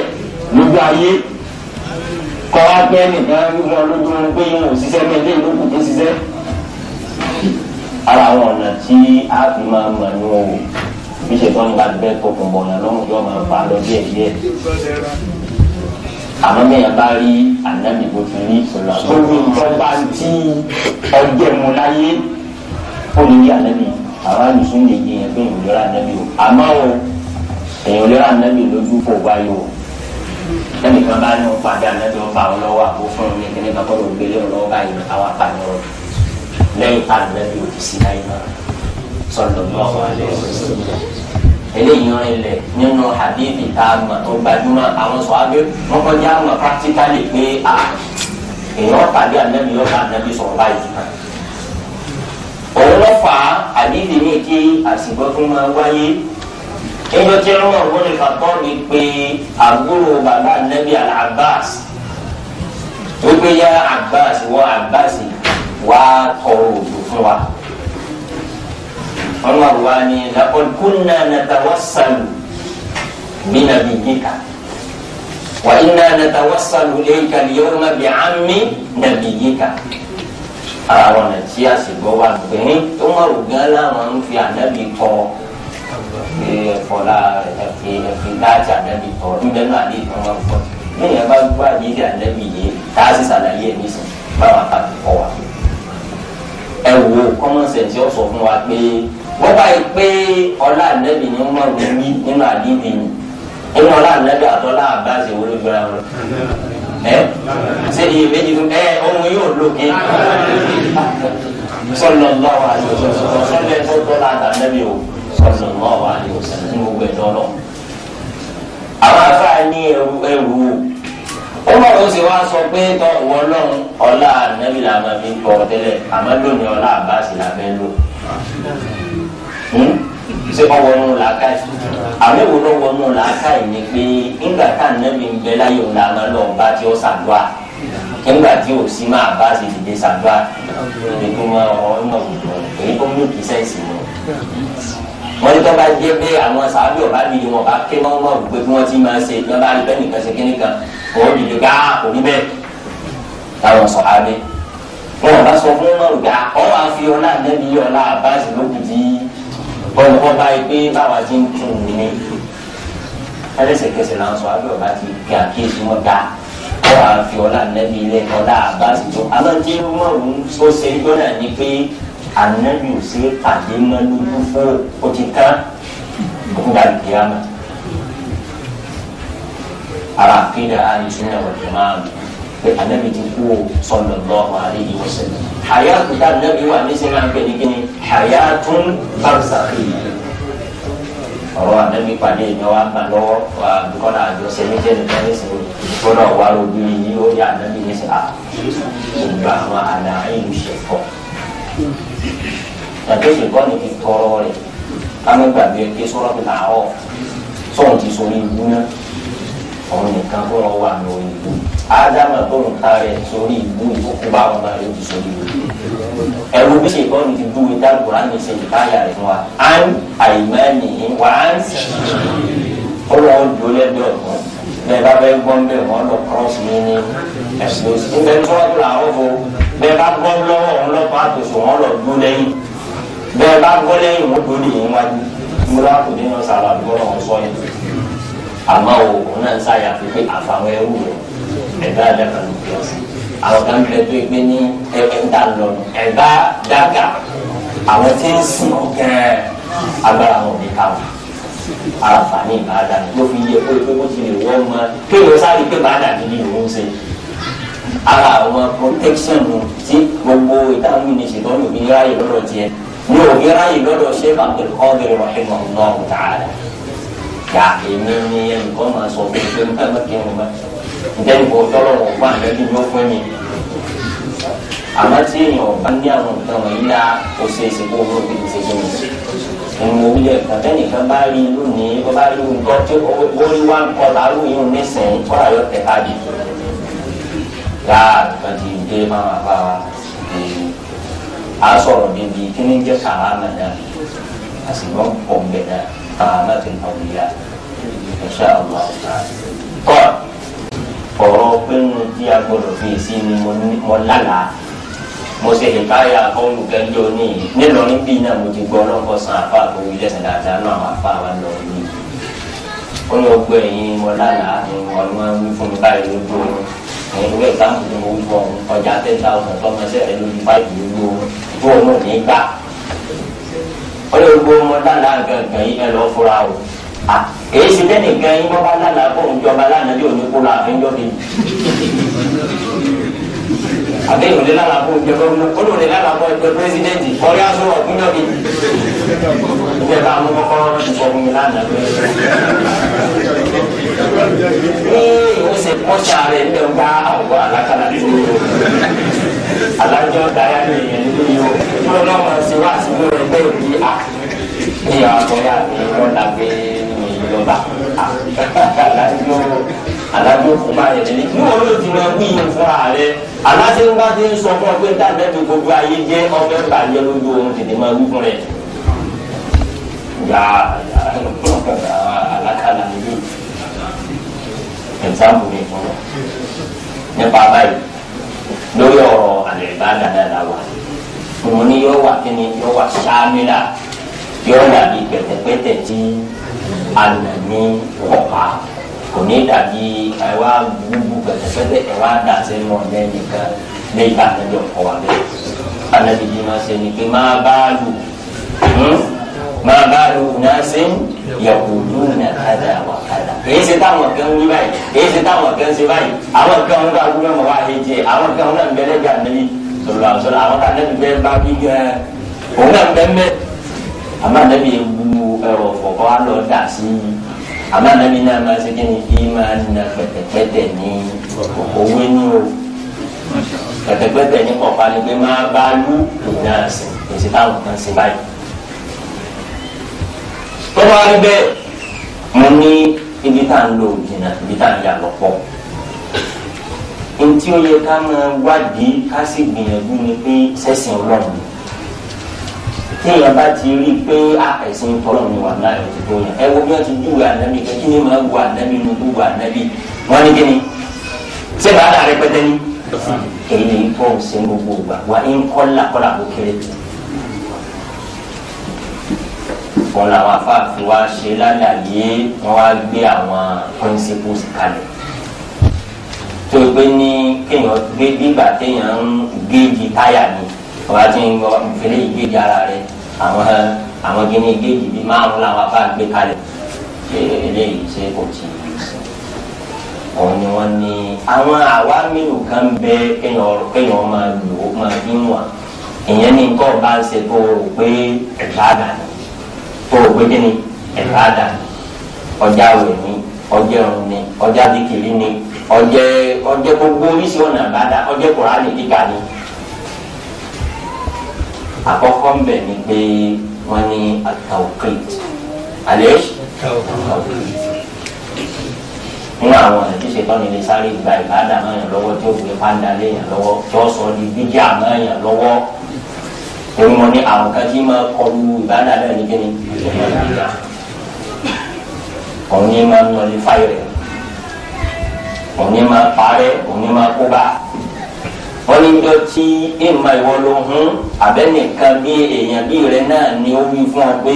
lójú ayé kọ agbẹ nìkan wíwọ lójú pé yín ò ṣiṣẹ́ mẹlẹ ló kù tó ṣiṣẹ́ ara àwọn ọ̀nà tí a fi máa mọ̀ ní o bí ṣe tọ́ ní bẹ́ẹ̀ tó bọ̀ ọ̀nà lọ́wọ́ yóò máa lọ díẹ̀ díẹ̀ àmọ́ mẹ́yàn bá rí ànábì bó ti rí lórí ìjọba tí ọjọ́ mu láyé ó lè rí ànábì àwọn àlùsùn lè yé yẹn pé èèyàn lè ra ànábì o àmọ́ o èèyàn lè ra ànábì lójú kò wáyé o ẹnìkan bá ní padà ànábì ọba àwọn lọ́wọ́ àbó fún un ní kíní kan kọ́ ló gbélé ọlọ́wọ́ báyìí àwọn apàdé ọ̀rọ̀ lẹ́yìn tá ànábì ò láyé náà sọ̀rọ̀ lọ́wọ́ àlẹ́ ọ̀rọ̀ eléyìí rinlẹ̀ nínú hadithi tá a mọ̀ tó gbajúmọ̀ àwọn sọ̀hábí wọn kọjá mọ̀ practically pé a èèyàn tàbí anabi yóò bá anabi sọ̀rọ̀ báyìí òun ló fà á hadithi ní kí àsìkò tó máa wáyé níjọ tí wọn wọn lè fàtọ́ ni pé àbúrò bàbá anabi al-abbas wípé yá abbas wọ abbas wàá tọrọ òdò fún wa. Abbas, Umar wa ni laqad kunna natawassalu bi nabiyyika wa inna natawassalu ilayka al-yawma bi ammi nabiyyika àwọn ọ̀nà tí a sì gbọ́ wa gbẹ̀yìn tó má rò gán láwọn ń fi ànábì kọ ẹ̀fọ́lá ẹ̀fì ẹ̀fì láti ànábì kọ níbẹ̀ náà àdé ìtàn wọn kọ lẹ́yìn abá gbọ́ àdéhìí ànábì yìí tá a sì ṣàlàyé ẹ̀mí sùn báwọn àtàkùn kọ wa. ẹ wo common sense yóò sọ fún wa pé wọ́n báyìí pé ọlá ànábì ni wọ́n rò wí nínú àdìbì ni nínú ọlá ànábì àtọ́lá àbáṣe wo ló jọra wọn. ẹ ṣe iye méjì fún ẹ ohun yóò lókè sọlọ lọ wà ní òṣèlú sọlọ ẹ tó tọ́lá àtànábì o sọlọ lọ wà ní òṣèlú ní gbogbo ẹ̀dọ́ lọ. àwọn afáà ní ẹrù ẹrù o ó mọ̀ ló sì wá sọ pé tọ́ ìwọ lọ́run ọlá ànábì làwọn fi ń bọ̀ tẹ́lẹ̀ àmọ́ lónìí ọlá àbáṣe làwọn fẹ́ lò. Hmm? ṣé wọ́n wọnú làákà yìí àwọn èwo ló wọnú làákà yìí ni pé nígbà tá ànábì ń bẹ láyé òun làwọn ọlọ́run bá tí ó ṣàdúrà nígbà tí ò sí máa bá ṣe dìde ṣàdúrà ìdè tó máa ọmọ ìlú èyí tó mú kí sẹ́ǹsì mọ́ wọ́n ní tó bá jẹ́ pé àwọn sàábì ọ̀bá mi ni wọ́n bá ké wọ́n mọ̀ pé bí wọ́n ti máa ṣe ìjọba bá rí bẹ́ẹ̀ nìkan ṣe kíní kan òun dìde ah, ká òní bẹ́ẹ̀ táwọn sọ̀hábì wọ́n bá sọ fún mọ̀ gbà ọ́ wá fi ọlá nẹ́bí ọlá àbáṣe lókùtì yìí bọ́ọ̀lù kọ́ báyìí pé báwa ti ń tún un ní ẹlẹ́sẹ̀kẹsẹ̀ là ń sọ abẹ́ ọ̀bá ti kí àkíyèsí wọn dá wọn à ń fi ọ̀la nẹ́bí ilé ọ̀la àbáṣe tó aláǹtí mọ̀rún tó ṣe gbọ́dọ̀ ni pé ànábì ò ṣe pàdé mọ́ lójú fún òtí kan òkú dàbí kìlámà àyè sínú ẹ̀wọ̀n tó máa lò pé anabi ti kú o sallallahu alaihi wasallam hayatu tá anabi wà nísìnyí náà pé nìkan ni hayatun barzakhi ọ̀rọ̀ anabi pàdé ìyẹn wa gbà lọ́wọ́ wa dukọ́lá àjọ sẹ́mẹ́tẹ́ nìkan nísìnyí gbọ́dọ̀ wà lóbi yìí ó yà anabi nísìnyí à gbogbo àwọn àlà ìlú ṣe fọ́ yàtọ̀ ìṣèkọ́ ni ti tọrọ rẹ̀ kámi gbàgbé pé sọ́rọ́ mi làárọ̀ sọ́run ti sọ ní ìlú náà ọ̀run nìkan fọ́rọ̀ wà lórí ìlú ádámà tó ń ka rẹ̀ sórí ìbú ìkókó bá wọn náà lójú sórí ìbú. ẹ̀rù bí ṣèkọ́ni ti bú ìta kùránì ṣe ìkáyà rẹ̀ wa á ń àìmọ́ni wà á ń sì. ó lọ ń dúró lẹ́gbẹ̀ẹ́ ọ̀tún bẹ́ẹ̀ bá bẹ́ẹ̀ gbọ́n bẹ́ẹ̀ wọ́n lọ kọ́ọ̀sì yín ní ẹ̀sìn òsì. ń bẹ́ẹ̀ tọ́jú làwọn fo bẹ́ẹ̀ bá gbọ́n lọ́wọ́ òun lọ́pàá àtòsùn wọn lọ dúró lẹ́yìn bẹ́ẹ̀ bá gbọ́ lẹ́yìn wọn dúró nìyẹn wájú múra kò ní lọ sàrà àdúgbò sọ yẹn àmọ́ òun náà ń sáyà pé àfàwọn ẹrú rẹ̀ ẹ̀bá dàkà ló fi ọ̀sẹ̀ àwọn kan bẹ tó gbé ní ẹ̀ńtà lọ ẹ̀bá dàkà àwọn tí ń sìn gan agbára wọn bí káwọn àǹfààní ìbáadà ló fi yẹ pé pé wọ́n ti lè wọ́n mọ kéèyàn sáré pé bàdà gidi lòún ṣe ara àwọn protection tí gbogbo ìdáhùn ìníṣètò ní òbí ráyè lọ́dọ̀ tiẹ̀ ní òbí ráyè lọ́dọ̀ ṣé bàbá ọ̀dọ̀ ìrọ̀lẹ́mọ̀ náà ń ta ara yà èmi ni ẹnìkan máa sọ fún mi pé ń bá mẹ́kẹ́rin máa dẹ́nbọ̀ tọ́lọ́wọ̀ fún àlẹ́bí ló fún mi. àmọ́ tí èèyàn bá ní àwọn nǹkan wọ̀nyí la kò ṣe é ṣe kó owó òbí ti ṣe fún mi. ìwọ̀n òwúlẹ̀ kàtẹ́ nìkan bá rí ìlú ní bó bá rí nǹkan tí ó rí wá ń kọ́ làárọ̀ yìí ń nísìnyí kọ́ àyọ̀ tẹ̀ káàdì. láà kan ti dé máa bá wa a sọ̀rọ̀ níbi kí ni jẹ́ kàrámà náà a sì gbọ́ pọ̀ ń bẹ̀ náà ń pọ̀ níyà ọ̀rọ̀ pinnu tí a gbọdọ̀ fi èsì ni mo lálàá mo ṣe ìbáyà olùkẹ́jọ ní nílọrin bíi náà mo ti gbọ́ ọlọ́kọ̀ san àfa àtòwí lẹ́sẹ̀ dáadáa náà àwọn afa wa lọ ní. ó ní ọgbẹ́ yìí mo lálàá ni ọ̀nà wí fún mi báyìí lójú oorun ẹ̀yìn ìwé ìtàkùn ni mo wí fún ọjà ten thousand tọ́mọ ẹsẹ̀ rẹ lójú báyìí lójú oorun ìgbóhùn náà ní gbà. ní gbogbo mo lálàá gàngàn yìí ẹ lọ fúra o èyí ah, sì tẹ́ nìkan yín bọ́ bá lálàá kó ń jọba lánàá yóò ní kó láàfin ń jọba yìí. àbẹ́yìn òde lálàá kó ń jọba mú kó lóde lálàá kó ẹgbẹ́ pírẹsidẹ́ǹtì kọ́rí aṣọ ọ̀gbìn jọba yìí. ìjẹ́ bá mú kọ́kọ́ ìfọ̀ fún mi lánàá pé. ní ìwọ́sẹ̀ kọ́ṣà rẹ̀ ń bẹ̀ ń bá àwọn alákàlà tó yọ. alájọ dáyà ní ìyẹn ní yọ. kúrò náà mọ̀ sí wá sí ìjọba alájọ alájọ kò bá yẹn ní. ní wọn ló ti máa wí yẹn fúnra rẹ aláṣẹ ń bá ti ń sọ fún ọ pé dáadáa ti gbogbo ayé jẹ ọfẹ bàjẹ lójú oorun tètè máa wí fún rẹ. gba alákàlà nílò ẹ̀sáàmù mi fún ọ nípa báyìí lórí ọ̀rọ̀ àlẹ́ ìbá dáadáa wà òun ni yóò wà kí ni yóò wà sáámi la yóò wà bí pẹ̀tẹ̀pẹ̀tẹ̀ tí alùpùpù ọ̀pá kò ní dàbí ẹ wá gbúgbú pẹ̀tẹ̀pẹ̀tẹ̀ ẹ wá dà sẹ́nu ọ̀nà ẹnìkan wa bẹ́ẹ̀ anabi yìí máa ṣe ni pé máa bá lù máa bá lù náà ṣe ń yàgòdú náà kájà wà kájà kìí ṣe táwọn kan wí báyìí kìí ṣe táwọn kan ṣe báyìí àwọn kan ń bá wúlò mọ́ wá yé jẹ àwọn kan náà ń bẹ lẹ́jà níbi sọ̀rọ̀ àwọn sọ̀rọ̀ àwọn kan náà ń bẹ bá bí gan òun náà ń bẹ mẹ́ àmọ́ anabi yẹn wú rọ̀fọ̀ kọ́ á lọ dà sí i àmọ́ ànábi náà máa ṣe kíni kí máa na pẹ̀tẹ̀pẹ̀tẹ̀ ní òwe ní o pẹ̀tẹ̀pẹ̀tẹ̀ ní kọ̀ọ̀pá ni pé máa bá lú ìná àsìn èsì táwọn kan ṣe báyìí. tó bá rí bẹ́ẹ̀ mo ní ibi tá à lo òjìnà ibi tá à ń yà lọ́pọ̀ ntí ó yẹ ká máa wádìí ká sì gbìyànjú ni pé sẹ́sìn ọlọ́run téèyàn bá ti rí i pé àìsàn ah, tọ́lọ̀ ni wà náà ẹ̀ ti tó yàn ẹ wo bí wọ́n ti júwe ànábì kẹ́ kí ni máa wo ànábì inú gbogbo ànábì wọ́n ní kíni ṣé bàá dà rẹpẹtẹ ní. èyí ni tó ń sin gbogbo ìgbà wa ń kọ́ làkọ́là kó kéré. wọn làwọn afáàfin wa ṣe lálàyé wọn wá gbé àwọn principles kalẹ̀ tó gbé ní kéèyàn gbé bí ìgbà téèyàn ń géèjì táyà ni wọ́n á ti ń gbọ́ ìfẹ́lẹ́ ìgbéjà ara rẹ̀ àwọn àwọn gíní géèjì bíi márùn làwọn bá gbé kalẹ̀ ṣe eléyìí ṣe kò tí ì sùn òun ni wọ́n ní àwọn àwa mélòó kan bẹ kéèyàn kéèyàn máa lò ó máa bí wọn ìyẹn ní nǹkan bá ń ṣe tó o pé ìbádà ni tó o pé kí ni ìbádà ni ọjà wẹ̀ ni ọjẹ́ ọ̀run ni ọjà dìkìrì ni ọjẹ́ ọjẹ́ gbogbo oríṣi ọ̀nà àbádà ọjẹ́ kùránì kíkà ni àkọ́kọ́ ń ni pé wọ́n ní atawqit alẹ́ atawqit ní àwọn ọ̀nà tí ṣètò nílé sáré gba ìbáàdà náà yàn lọ́wọ́ tí ó gbé pàǹdà lé yàn lọ́wọ́ tí ó sọ di bíjà náà yàn lọ́wọ́ torí mo ní àwọn kan tí máa kọlu ìbáàdà náà ní kíni òun ní máa nọlé fáyọ̀ rẹ̀ òun ní máa parẹ́ òun ní máa kóbá wọ́n ní jọ tí èèmà ìwọ ló hún abẹ́nìkan bí èèyàn bí ni ó wí fún ọ pé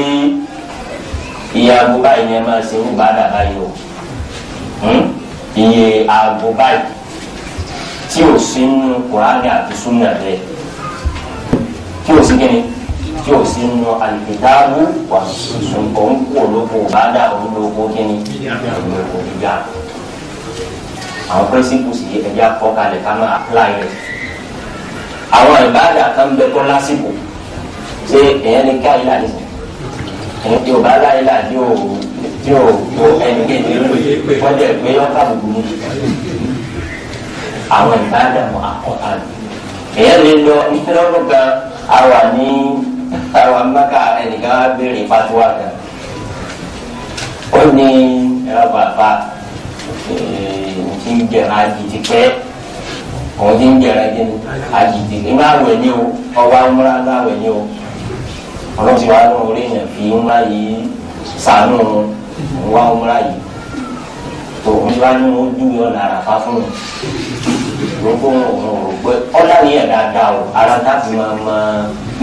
iye aago báyìí ni ẹ máa ṣe ń bàdà báyìí o hmm? iye aago báyìí tí ò sí nínú kùránì àti súnà rẹ tí ò sí kí ni tí ò sí nínú àlùkìtàbù wà ṣùgbọ́n ń kó olóko bàdà olóko kí ni ya gíga àwọn pẹ́sìkù sì ẹja kọ́ kalẹ̀ ká máa apply rẹ̀ àwọn ìbáàdà kan bẹ kọ́ lásìkò ṣé èyàn ní ká ìlà yìí èyàn tí o bá láyé là ní o ní o tó ẹni kéde wọ́n jẹ́ pé lọ́kà gbogbo àwọn ìbáàdà mọ̀ àkọ́tà ni èyàn lè lọ ìfẹ́lọ́rọ́ gan àwa ní àwa mẹ́ka ẹnìkan á béèrè fatuwa ó ní ẹ̀rọ bàbá ẹ̀ jẹ̀rọ àjì ti pẹ́ àwọn tí ń jẹrẹ ẹdín àjìdì nínú àwẹ̀ o ọwọ́ amúra nínú àwẹ̀ ni o ọlọ́run ti wá lọ́wọ́ orí fi ńlá yìí sànú wá múra yìí tó ń wá ní wọn ojú yọ fa fún un gbogbo wọn ò rò pé o ara tá fi máa ma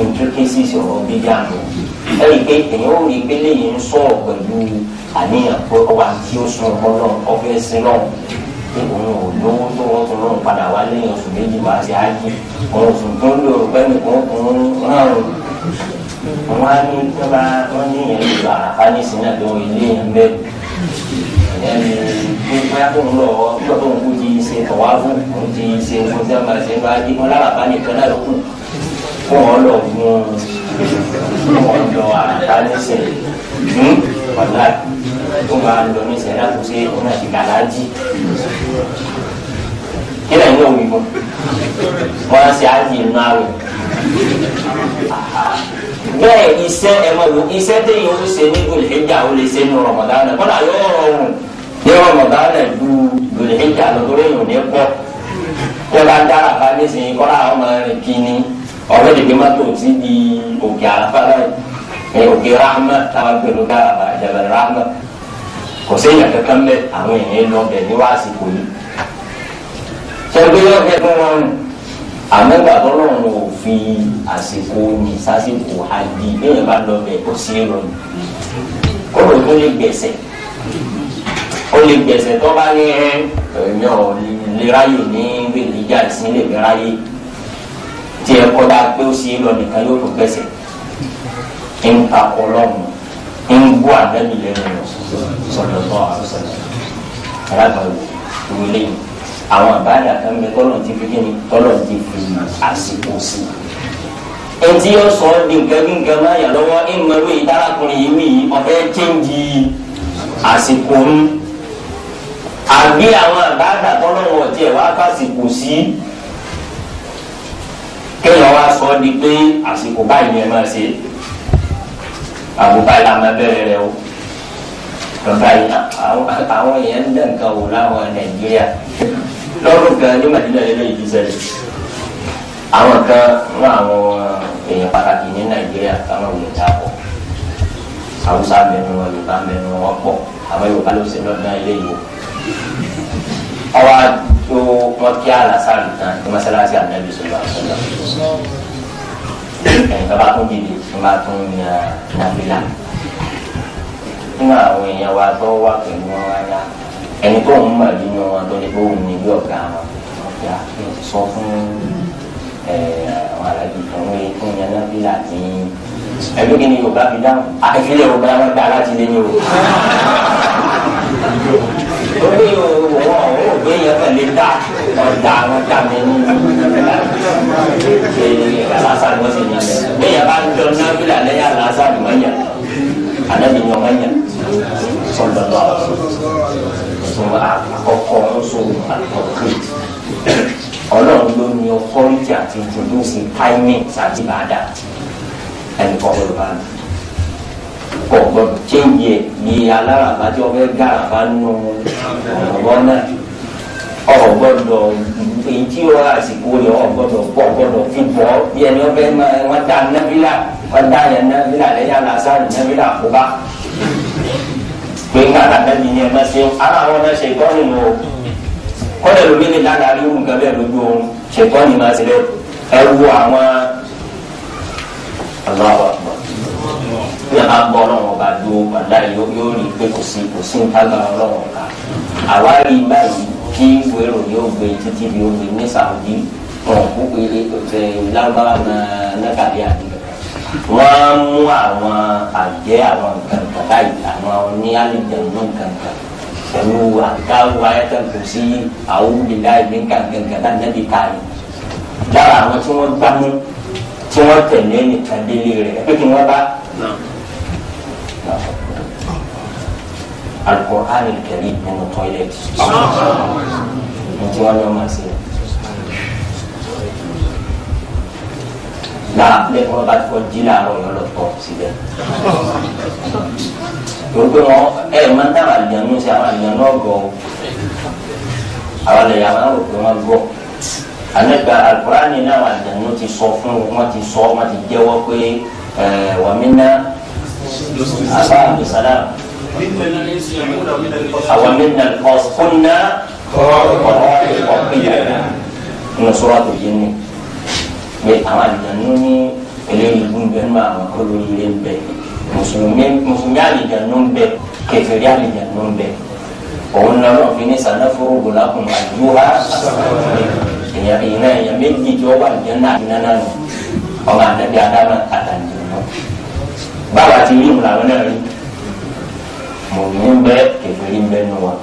intricacies ọ̀rọ̀ bí dáàbò ẹ̀rí pé èèyàn ò rí pé lẹ́yìn ń sọ̀rọ̀ pẹ̀lú àníyàn pé ọba tí ó sun ọlọ́run ọfẹ́ sí lọ́run òun ò lówó tó wọn tó lọ́n padà wá lẹ́yìn oṣù méjì máa ṣe ájì òun oṣù tó ń lò pẹ́ẹ́nì kan òun rán òun wá ní tọ́ba wọ́n ní ìyẹn lò àràfá ní sinmi àti òun ilé yẹn bẹ́ẹ̀ ẹni pípa tó ń lọ pípa tó ń kú ti ṣe tọ̀wá fún òun tó máa lọ ní sẹ́yìn saya ṣe ọ̀nà àti Kira ini umi pun, wíwọ́ wọ́n á ṣe ájì nínú àwẹ̀ bẹ́ẹ̀ iṣẹ́ ẹ mọ̀ lò iṣẹ́ téèyàn ó ṣe ní gòlìhẹ́jà ó lè ṣe ní rọmọdánù kọ́nà yóò rọrùn ní rọmọdánù ju gòlìhẹ́jà lọ torí èèyàn ní pọ̀ kọ́lá dára bá nísìnyí kọ́lá ọmọ rẹ̀ kíni ọ̀rẹ́ dèbí má tó di òkè àlàfáà láì òkè rahma táwọn gbèrò dára bá jẹ̀bẹ̀ rahma kò séèyàn kankan bẹ́ẹ̀ àwọn èèyàn lọ bẹ̀ ní wáàsí kò ní. sẹ́gbẹ́ yóò kẹ́ fún wọn àmọ́ gbàgbọ́ lọ́run ò fi àsìkò ní sásìkò àdì bẹ́ẹ̀ bá lọ bẹ̀ kò sí ìrọ̀lù kókò tó lè gbẹ̀sẹ̀ ó lè gbẹ̀sẹ̀ tó bá ní ẹ̀yàn léráyè ní gbèlíjà ìsínlẹ̀ léráyè tí ẹ kọ́ dáa pé ó sí ìrọ̀lù nìkan yóò tó gbẹ̀sẹ̀ ń takọ̀ lọ́run ń gbọ́ àdẹ́bí lẹ́nu lọ́sọ̀ sọ̀rọ̀ sọ àbúsọ̀rọ̀ alábàáwò ìwélé yìí àwọn àbáàdà kan bẹ kọ́lọ̀ ti fi kíni kọ́lọ̀ ti fi àsìkò sí i etí yóò sọ ọ́ di nǹkan gígan máa yà lọ́wọ́ ìmọ̀lú ìdárakùnrin yìí wí ọ̀fẹ́ chẹ́ǹjì àsìkò ń àbí àwọn àbáàdà kọ́lọ̀ wọ̀ tiẹ̀ wá fásìkò sí i kéèyàn wá sọ ọ́ di pé àsìkò báyìí ni ẹ máa ṣe àbúbáyìí la máa bẹ̀rẹ̀ rẹ o bàbá àwọn èèyàn ń dẹ̀ nǹkan wò láwọn nàìjíríà lọ́rùn kan ní màdínà lẹ́nu ìlú sẹ́lẹ̀ àwọn kan wọn àwọn èèyàn pàtàkì ní nàìjíríà káwọn òye ta pọ̀ haúsá mẹ́nu wọn yorùbá mẹ́nu wọn pọ̀ àwọn yorùbá ló ṣe lọ́dún ilé yìí ọwọ́ tó wọ́n kí alásàrì tán ní mọ́sálásí ànábì sọ̀rọ̀ àṣọ̀lá ẹ̀yìn bàbá tó dìde wọ́n bá tún ní nàbílà nínú àwọn èèyàn wa tó wà pẹ̀lú wọn wá yá ẹni tó ń mọ̀ nínú wọn tó ní bóun ní bí ọ̀gá wọn ọ̀gá sọ fún àwọn alájú kan wọ́n yẹ yẹn náà bí láti ẹgbẹ́ kí ni Yorùbá fi dáhùn àìfilẹ̀ Yorùbá wọn dá láti lé ní o. ó ní òwò ọ̀hún ògbé yẹn pẹ̀lú dá ọ̀dà wọn dá mi ní alásà ni wọ́n ti lẹ́yìn bá ń jọ náà bí lálẹ́ yẹn alásà ni Ada yàn alẹ́ ni sọlọlọ sọlọ àkọ́kọ́ ọsọ àkọkẹt Ọlọ́run ló ní ọkọrìtì àti introduce timings àti bàdà ẹnì kọkọrọ bá mi kọ gbọ́dọ̀ chéńjì ẹ ní alárabá tí wọn fẹẹ gàràbá nù ọ̀rọ̀ náà ọ̀rọ̀ gbọ́dọ̀ èyí tí ó rà àsìkò rẹ ọ̀rọ̀ gbọ́dọ̀ bọ gbọ́dọ̀ fi bọ bí ẹni wọn wọn dá nábìlà wọn dá yẹn nábìlà lẹ́yìn alásán nábìlà kó bá pé kára lẹ́nu yẹn bá ṣe ara àwọn náà ṣe ìkọ́ni mu o kọ́dà lómi ní lánàá rí òun kan bẹ́ẹ̀ lójú oorun ṣe ìkọ́ni máa ṣe lẹ́ ẹ wo àwọn aláwọ̀ bí a bá gbọ́ ọlọ́run ọba do padà yóò rí i pé kò sí kò sí nǹkan gbà ọlọ́run ọba àwa rí i báyìí kí wérò yóò gbé títí bí gbé ní sàwùdí ọ̀hún kúkú ilé tó fẹ́ lágbára náà nàkàdé àdúgbò wọ́n mú àwọn àjẹ́ àwọn nǹkan kan báyìí àwọn oníyàlẹ́jẹ̀mú nǹkan kan pẹ̀lú àgbáwo ayẹ́tẹ̀kù sí àwùjọba ìlú nǹkan kan kan tá nẹ́bí káàní lára àwọn tí wọ́n gbá mú tí wọ́n tẹ̀lé nìkan délé rẹ̀ pé kí wọ́n bá. Al-Qur'an al-Karim nínú Mo ti wá ní sí i. láàfin wọn bá ti fọ jí làárọ̀ yọ lọ tọ̀ síbẹ̀. torí pé wọn ẹ ẹ máa ń dáhùn àlìyànú sí àwọn àlìyànú ọgọ o àwọn àlìyàn máa ń rò pé wọn gbọ́ àlẹgbà alukurani náà àwọn àlìyànú ti sọ fún wọn ti sọ wọn ti jẹ́wọ́ pé ẹ wàmínà àbá àbísálà àwàmínà kọ̀ọ̀kùnà kọ̀ọ̀kùnà nusratu jinni pé àwọn àlùjánu ní eléyìí ń bẹ nínú àwọn olóyè ń bẹ mùsùlùmí mùsùlùmí àlùjánu ń bẹ kẹfìrí àlùjánu ń bẹ òun náà lọ́n fi ní sanáfóró gbòlákùn àdúrà èèyàn ìná èèyàn méjì tí wọ́n wà ní ẹ̀ná àdúrà náà nù ọmọ ànábi adama àtàlùjọ náà báwa ti rí ìmùlà wọn náà rí mùsùlùmí ń bẹ kẹfìrí ń bẹ nù wọn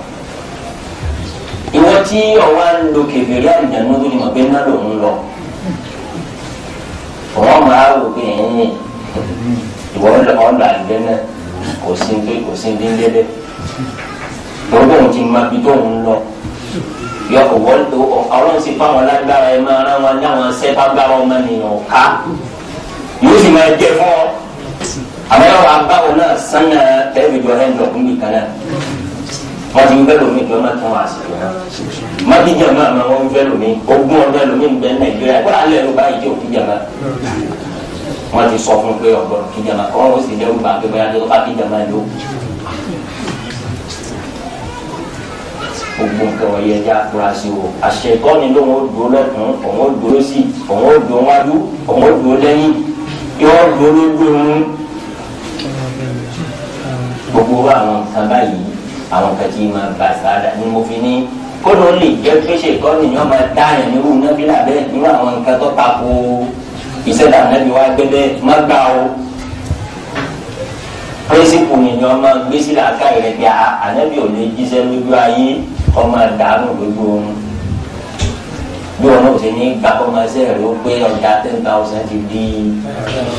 ìwọ tí ọwọ́ ń lo kẹfìrí àlùjánu tó ní mọ̀ pé ńlá lòún lọ wọ́n máa wò pé ẹ̀yìn ìwọ ọ̀nà àgbẹ̀ náà kò sí ní kò sí ní gbogbo ohun ti máa bí tóun lọ yọ ọwọ́ ọlọ́run sì fáwọn lágbára ẹ máa rán wọn láwọn sẹ́fàgbára ọmọ nìyàn ká yóò sì máa jẹ fún ọ àmọ́ yọ náà sánà tẹ́lifíjọ ẹ̀ ń lọ fún mi kan náà wọ́n ti ń fẹ́ lómi pé wọ́n tún wà sí i náà mọ́tíjà máa ma wọ́n ń fẹ́ lómi ogún ọdún lómi ń bẹ nàìjíríà kó alẹ́ ló bá ìjẹ́ òkú jàmá wọ́n ti sọ fún pé ọ̀gbọ̀n kí jàmá kọ́ ó sì dẹ́rù bá pé bóyá tó bá kí jàmá ló. gbogbo nǹkan wọ̀nyí ẹja kura sí o àṣetọ́ ni lóun ó dúró lọ́tún òun ó dúró sí òun ó dúró wájú òun ó dúró lẹ́yìn yóò dúró lójú òun gbogbo àwọn nǹkan báyìí àwọn kan tí ma bà sáadà ni mo fi ní kódò lè jẹ́ pèsè kọ́ni ni wọ́n máa dá àyàn nírú nábìlà bẹ́ẹ̀ nínú àwọn nǹkan tó ta ko ìṣẹ̀dá nábì wá gbẹ́dẹ́ má gbà o pírísìpù ni ni wọ́n máa gbé sí làákà rẹ̀ bí ànábì ò lè jíṣẹ́ lójú ayé kọ́ máa dàánù lójú oorun bí wọn náà ṣe ní gba ọmọ ẹsẹ rẹ ó pé ọjà ten thousand ti di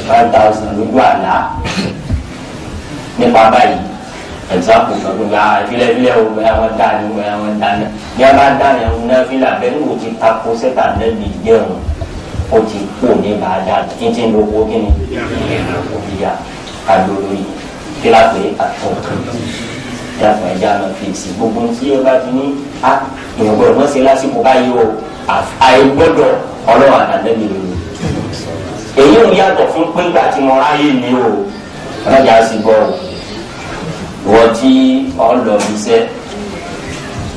five thousand lójú àlá nípa báyìí ẹ̀sáàpù kan pé ah ìfilẹ̀filẹ̀ o bẹ́ẹ̀ àwọn dání bẹ́ẹ̀ àwọn dání bí a bá dání àwọn náfìlà bẹ́ẹ̀ wò ti tako sẹ́tà náà lè jẹun o ti kú ní bàdà títí ní owó kíni ìlú òbíyà adolo yìí kí la pé àtọ̀tún dàpọ̀ ẹja náà fèsì gbogbo tí o bá ti ní a ìrọ̀gbọ̀n náà ṣe lásìkò báyìí o àìgbọ́dọ̀ ọlọ́run àtàlẹ́bí lónìí èyí ò yàtọ̀ fún pé gbà tí mo ráyè ní o ọlọ́jà sì gbọ́ o wọ́n tí ọlọ́ fi sẹ́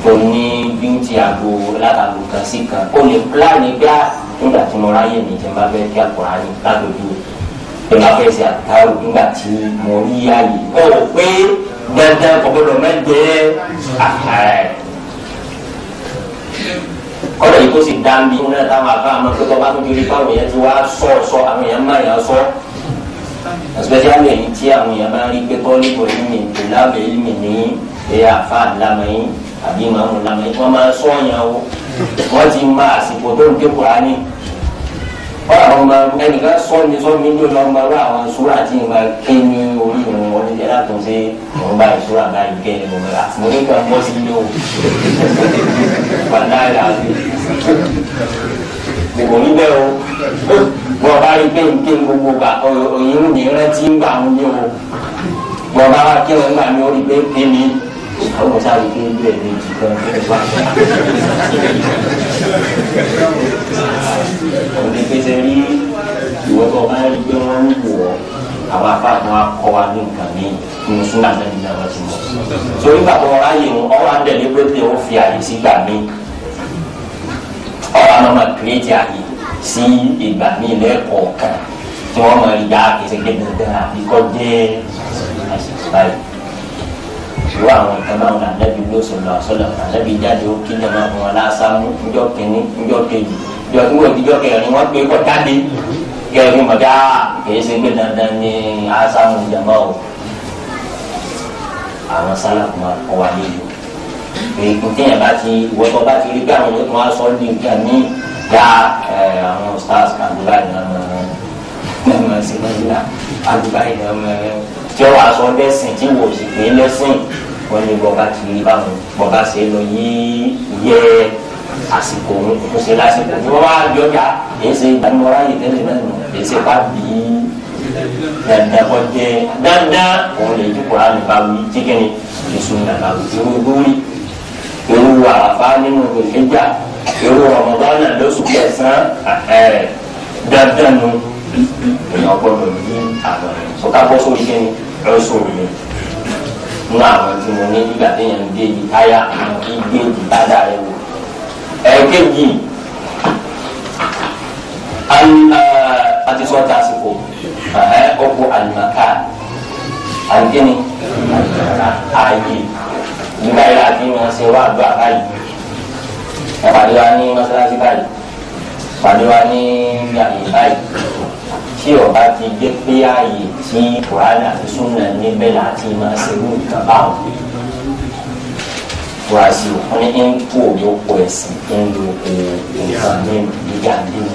kò ní bíútì àgbo látàgbo kan sí kan ó lè pílánì gbá ah, nígbà tí mo ráyè ní ìjọba bẹ́ẹ̀ kí àkùránì lágbègbè ìjọba fẹ́ ṣe àtàrò nígbà tí mo rí àyè ó rò pé dandan kọ̀gbọ́dọ̀ mẹ́jẹ àkàrà kọ́lọ̀ yìí kó sì dáńbí nígbà táwọn àbá àmọ́ pé tọ́ba tó kiri báwọn yẹn ti wá sọ sọ àwọn yẹn máa yàn sọ especially ẹ̀yin tí àwọn èèyàn bá ń rí pé bọ́ọ̀lù kò ní mi tó lábẹ́ eh, mi ní ẹ̀yà àfa àlámẹ́yìn àbí màmú lámẹ́yìn wọ́n máa sọ ọ̀yàn o wọ́n ti ma àsìkò tó ń ké Kùránì wọ́n àwọn ọmọ ẹnìkan sọ ní sọ mí ní ọlọ́run máa wá àwọn sùúrù àti ìgbà ké ní orí ìrìn wọn níjẹ́ láti ṣe òun bá ìṣúra báyìí kẹ́ ẹ̀ mọ̀ mẹ́ta mo ní kí wọ́n bọ́ sí ilé o wà láyé àti ìgbòmí bẹ́ẹ̀ o wá rí pé nké gbogbo gbà òyìn ní rántí gbà ń ní o bọ̀dá wa kí wọn gbà ní orí pé pé mi àwọn ọ̀sá rí pé bí ẹ̀mí jì kan pé wá ṣe àwọn ìpèsè rí ìwọ tó bá rí pé wọ́n ń wọ̀ àwọn afáàfin wa kọ́ wa ní nǹkan ní nínú súnà náà ní àwọn tó mọ̀ sórí gbàgbọ́ wọn ráyè wọn ọ̀rọ̀ àndẹ̀ ní pé fi àyè sí gbà mí ọ̀rọ̀ àná máa kìrìtì àyè sí ìgbà míì lẹ́ẹ̀kọ̀ọ̀kan tí wọ́n máa rí gbá kẹsẹ̀kẹ́ dandan àfi kọ́ jẹ́ àṣìṣe báyìí ìwọ àwọn nǹkan máa ń ànábì ló sọlọ àsọlọ ànábì jáde ó kí jẹ máa fún wọn lásánú ńjọ kínní ńjọ kejì ìjọ tí wọn ìdíjọ kẹrin wọn gbé kọjá dé kẹrin mọjá ah, kìí ṣe gbé dandan ní asánú ìjàmbá o àwọn sálàkùn ọkọ wa lélo èyí kò bá ti wọ́pọ̀ bá ti rí pé àwọn yóò tún wá ní nǹkan míì ká eh, àwọn stars kan àdúrà yìí náà mọ̀ sí nàìjíríà àdúrà yìí náà mọ̀ eh, tí ó wà sọ lẹ́sìn tí wò sí pé lẹ́sìn wọ́n ní bọ́ba ti rí báwọn bọ́ba ṣe lọ yí yẹ àsìkò mo ṣe lásìkò tí wọ́n bá yọjà èyí ṣe ìdánimọ̀ra yìí tẹ́lẹ̀ náà nù èyí ṣe bá bí dandan kọjẹ dandan òun lè jí kura nípa wí jíkẹ́ni èso ìdàgbàsókè irú ọ̀mọ̀bánà lóṣù kẹsàn-án dandan nu èèyàn gbọ́dọ̀ ní àwọn sọ́ká bọ́ sórí kí ni ẹ̀ sórí ni mú àwọn tí mo ní nígbà téèyàn ń gé ibi táyà àwọn kí gé ibi bàdà rẹ wò. ẹ̀ẹ́kejì eh, àti sọ́jà àsìkò ọkọ̀ àlùmọ̀ká àlùkíni àyè nígbà yìí àti wọn ṣe wá àgbà báyìí ẹ pàdé wa ní mọ́sálásí báyìí pàdé wa ní yàrá báyìí tí ọba ti dé pé ààyè tí kùránì àti súnà níbẹ̀ láti máa ṣe irú nǹkan báwọn wáṣí wọn ní ń kú òyòkó ẹ̀sìn ń lo nǹkan ní ìdíjà nínú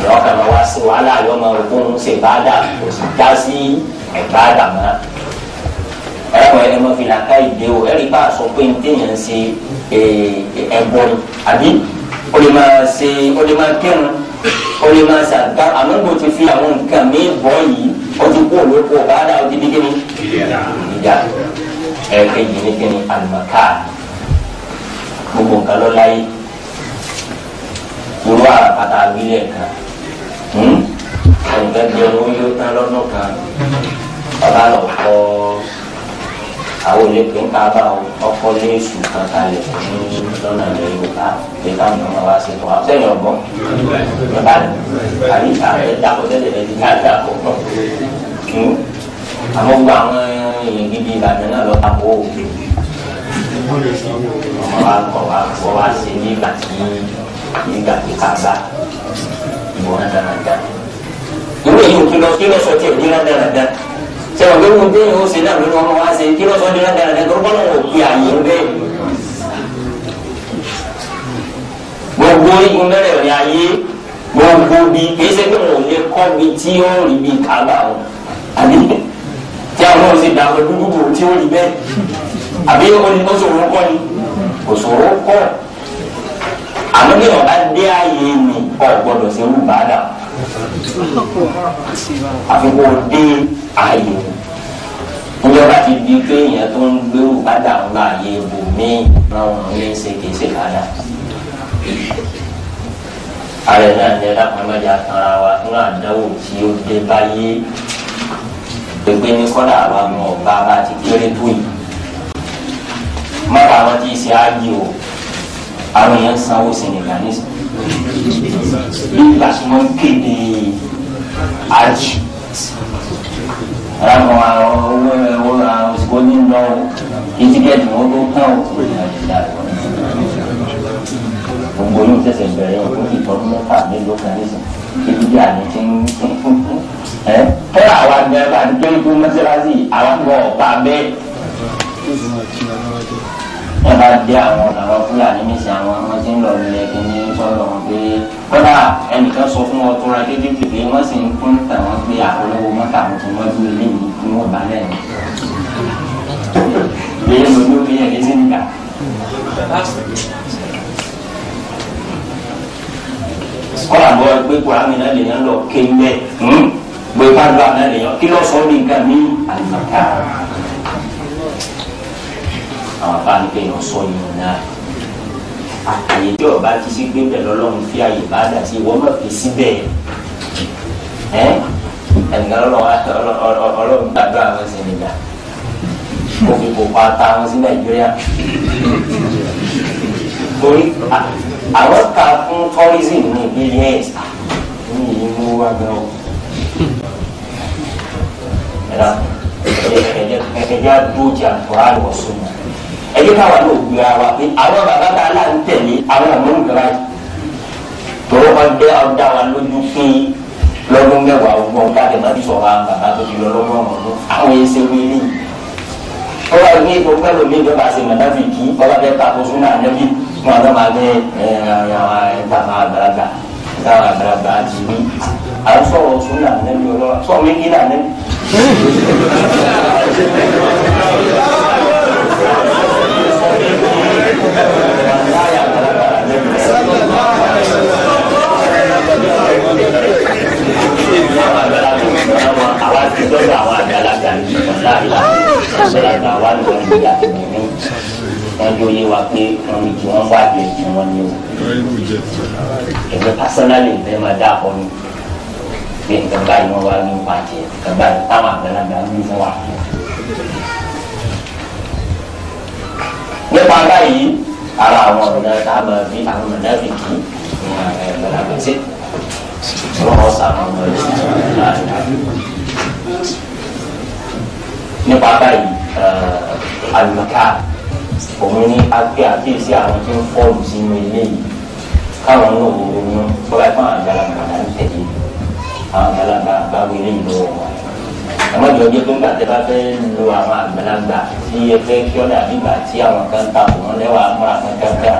ìyá ọkàn wa ṣe wàhálà yọmọ ogun ṣe bá dà kò sì dá sí ẹ̀gbá dà mọ́ dákọ̀ ẹni mọ́ fi làákà ìdè o ẹ̀rí bá a sọ pé ní téèyàn ń ṣe eh, ẹ̀bọ ni àbí o lè máa ṣe o lè máa kírun o lè máa ṣàgbá àmọ́ kò ti fi àwọn nǹkan mi bọ́ yìí o ti kú òlóko ọ̀bádà o ti di kíni. ìyá ẹ̀ẹ́dẹ́gbẹ̀yìn ní kíni àlùmọ̀ká gbogbo nǹkan ló láyé irú àpáta abílẹ̀ kan hmm? nǹkan jẹun yóò tán lọ́dún kan ọba lọ kọ́ àwọn olè pé ń ká bá ọkọ lé èṣù kan kalẹ̀ ní lọ́nà ilẹ̀ yorùbá pé káwọn ọmọ wa ṣe bọ̀ wá sẹ́yìn ọ̀gbọ́n bàbá rẹ̀ àbí àbẹ̀ dàpọ̀ tẹ́lẹ̀ rẹ̀ ti ká dàpọ̀ àmọ́ gbogbo àwọn èèyàn gidi ìbàdàn náà lọ́ta kó o ọmọ wa kọ̀ wá kọ̀ wá sí nígbà tí nígbà tí ká bá ìwọ náà ìwé yìí kí lọ sọ tí ò ní ṣe wọn lóhun tí yóò ṣe náà lóhun ọmọ wa ṣe kí lọ́sọ̀ ní ládàá rẹ̀ tó gbọ́dọ̀ wò pé àyè bẹ́ẹ̀. gbogbo igun mẹ́rẹ̀ rẹ̀ ayé gbogbo bíi kéṣe pé wọn ò lè kọ́ mi tí ó rí mi kàlà o àbí tí àwọn ò sì dàgbà dúdú bò tí ó rí bẹ́ẹ̀ àbí ó ní kó sòrò kọ́ ni kò sòrò kọ́ àmọ́ bí ọ̀gá dé ààyè mi ọ̀ gbọ́dọ̀ ṣe rú bàdà o àfikún dé ààyè níjọ́ bá ti di pé èèyàn tó ń gbérù padà ń gba àyè ibòmíì náà wọn lè ṣe kìí ṣe kàdà ààrẹ náà ní ẹ̀dá kan lọ́jà tanra wa nínú àdánwò tí ó dé báyé gbégbé ní kọ́dà àwa mọ̀ ọ̀gá bá ti kéré tó yìí má bàa wọn ti ṣe ágì o àwọn èèyàn sanwó senegal ní sọ nígbà tí wọ́n kéde àjù rákọ̀ àwọn òṣìkò nínú ìtìkẹ́tì wọn tó kàn ó kúrò ní àjùdá gbogbo yóò tẹsẹ̀ bẹ̀rẹ̀ ọdún ìtọ́jú mẹ́fà nílùú kan ní sọ ibi bí àná ti ń ẹ kọ́ra àwọn àgbẹ̀ bá ń gbé igbó mọ́sálásí àwọn àgbọ̀ ọ̀pá bẹ́ẹ̀ ẹ bá dé àwọn ọ̀dà àwọn fúlàní níṣẹ́ àwọn ọmọ tí ń lọ lẹ̀ kí ní sọ̀rọ̀ wọn pé kọ́dà ẹnìkan sọ fún ọ tó dédé pèpè wọ́n sì ń kún tàwọn pé àpolówó mọ́tà àwọn tí wọ́n dúró lé kí wọ́n bá lẹ̀ ní. ìyẹn mo ní omi ẹ̀rí sí nígbà. kọ́dà bọ́ pé kùránì náà lè yàn lọ kéwé gbé bá lọ lè yàn kí lọ́sọ̀ọ́ ní nǹkan ní àlùmọ̀tà àwọn afáàní pé èèyàn sọ yìnyín náà àyè tí ọba ti sí gbé bẹ̀ lọ́lọ́run fi àyè bá dà sí ìwọ́n mọ̀ fi síbẹ̀ ẹ́ ẹnìkan ọlọ́run gbàdúrà wọn sí nígbà mo fi kò pa ata wọn sí nàìjíríà torí àwọn kà fún tourism ní billions ní ìlú mú wá gan o ẹ̀dá ẹ̀jẹ̀ ẹ̀jẹ̀ á dójà kọ́ra lọ sómi ẹ jẹ́ káwa náà gbéra wa pé àwọn bàbá bá là ń tẹ̀lé àwọn ọmọ nǹkan báyìí tòun ọdẹ ọdá wa lójú fún lọ́dún mẹ́wàá ọgbọ̀n káàdì má ti sọ̀rọ̀ àwọn bàbá tó ti lọ lọ́dún ọ̀rọ̀ àwọn ẹsẹ̀ wíìlì ọba ní gbogbo ẹlòmíì ní ọba àti mọ̀nàfì kì í ọba bẹ́ẹ̀ ta kó súnà ànábì wọn àná máa ní bàbá àgbàlagbà bàbá àgbàlagbà àti mi à ń sọ̀rọ̀ súnà ànábì ọlọ́wà sọ̀rọ̀ mi kí ní ànábì. ṣe ìlú àwọn àgbàlagbà tó ń bá wọn àwa ti dọ́gba àwọn àgbàlagbà ní ìfọ̀láàlà ìfọ̀láàlà wa ló ń gbà ní wọn jó yé wa pé wọn ní kí wọn wá gbé kí wọn ní o. èmi pásánálì ìfẹ́ máa dá ọ ní pé nǹkan báyìí wọn wá ní pàtẹ nǹkan báyìí táwọn àgbàlagbà ń fún wa. nípa báyìí ara àwọn ọ̀nà tá a máa fi àwọn ọ̀nà fi kí àwọn àgbàlagbà ṣe ọlọ́run sànù ọmọ rẹ̀ nípa báyìí eh, àlùmọ́ká òun ní agbé àkíyèsí àwọn tó ń fọ́ọ̀lù sínú ilé yìí káwọn náà wò ó ní bọ́lá fún àwọn àgbàlagbà náà ń tẹ̀lé àwọn àgbàlagbà àgbàwé ilé yìí lọ́wọ́ wọn àmọ́ ìjọba tó ń gbà tẹ́ bá fẹ́ lo àwọn àgbàlagbà tí ẹ fẹ́ kí ọ́ dàbí ìgbà tí àwọn kan ta kò wọ́n lẹ́wọ̀ àmúra kankan kan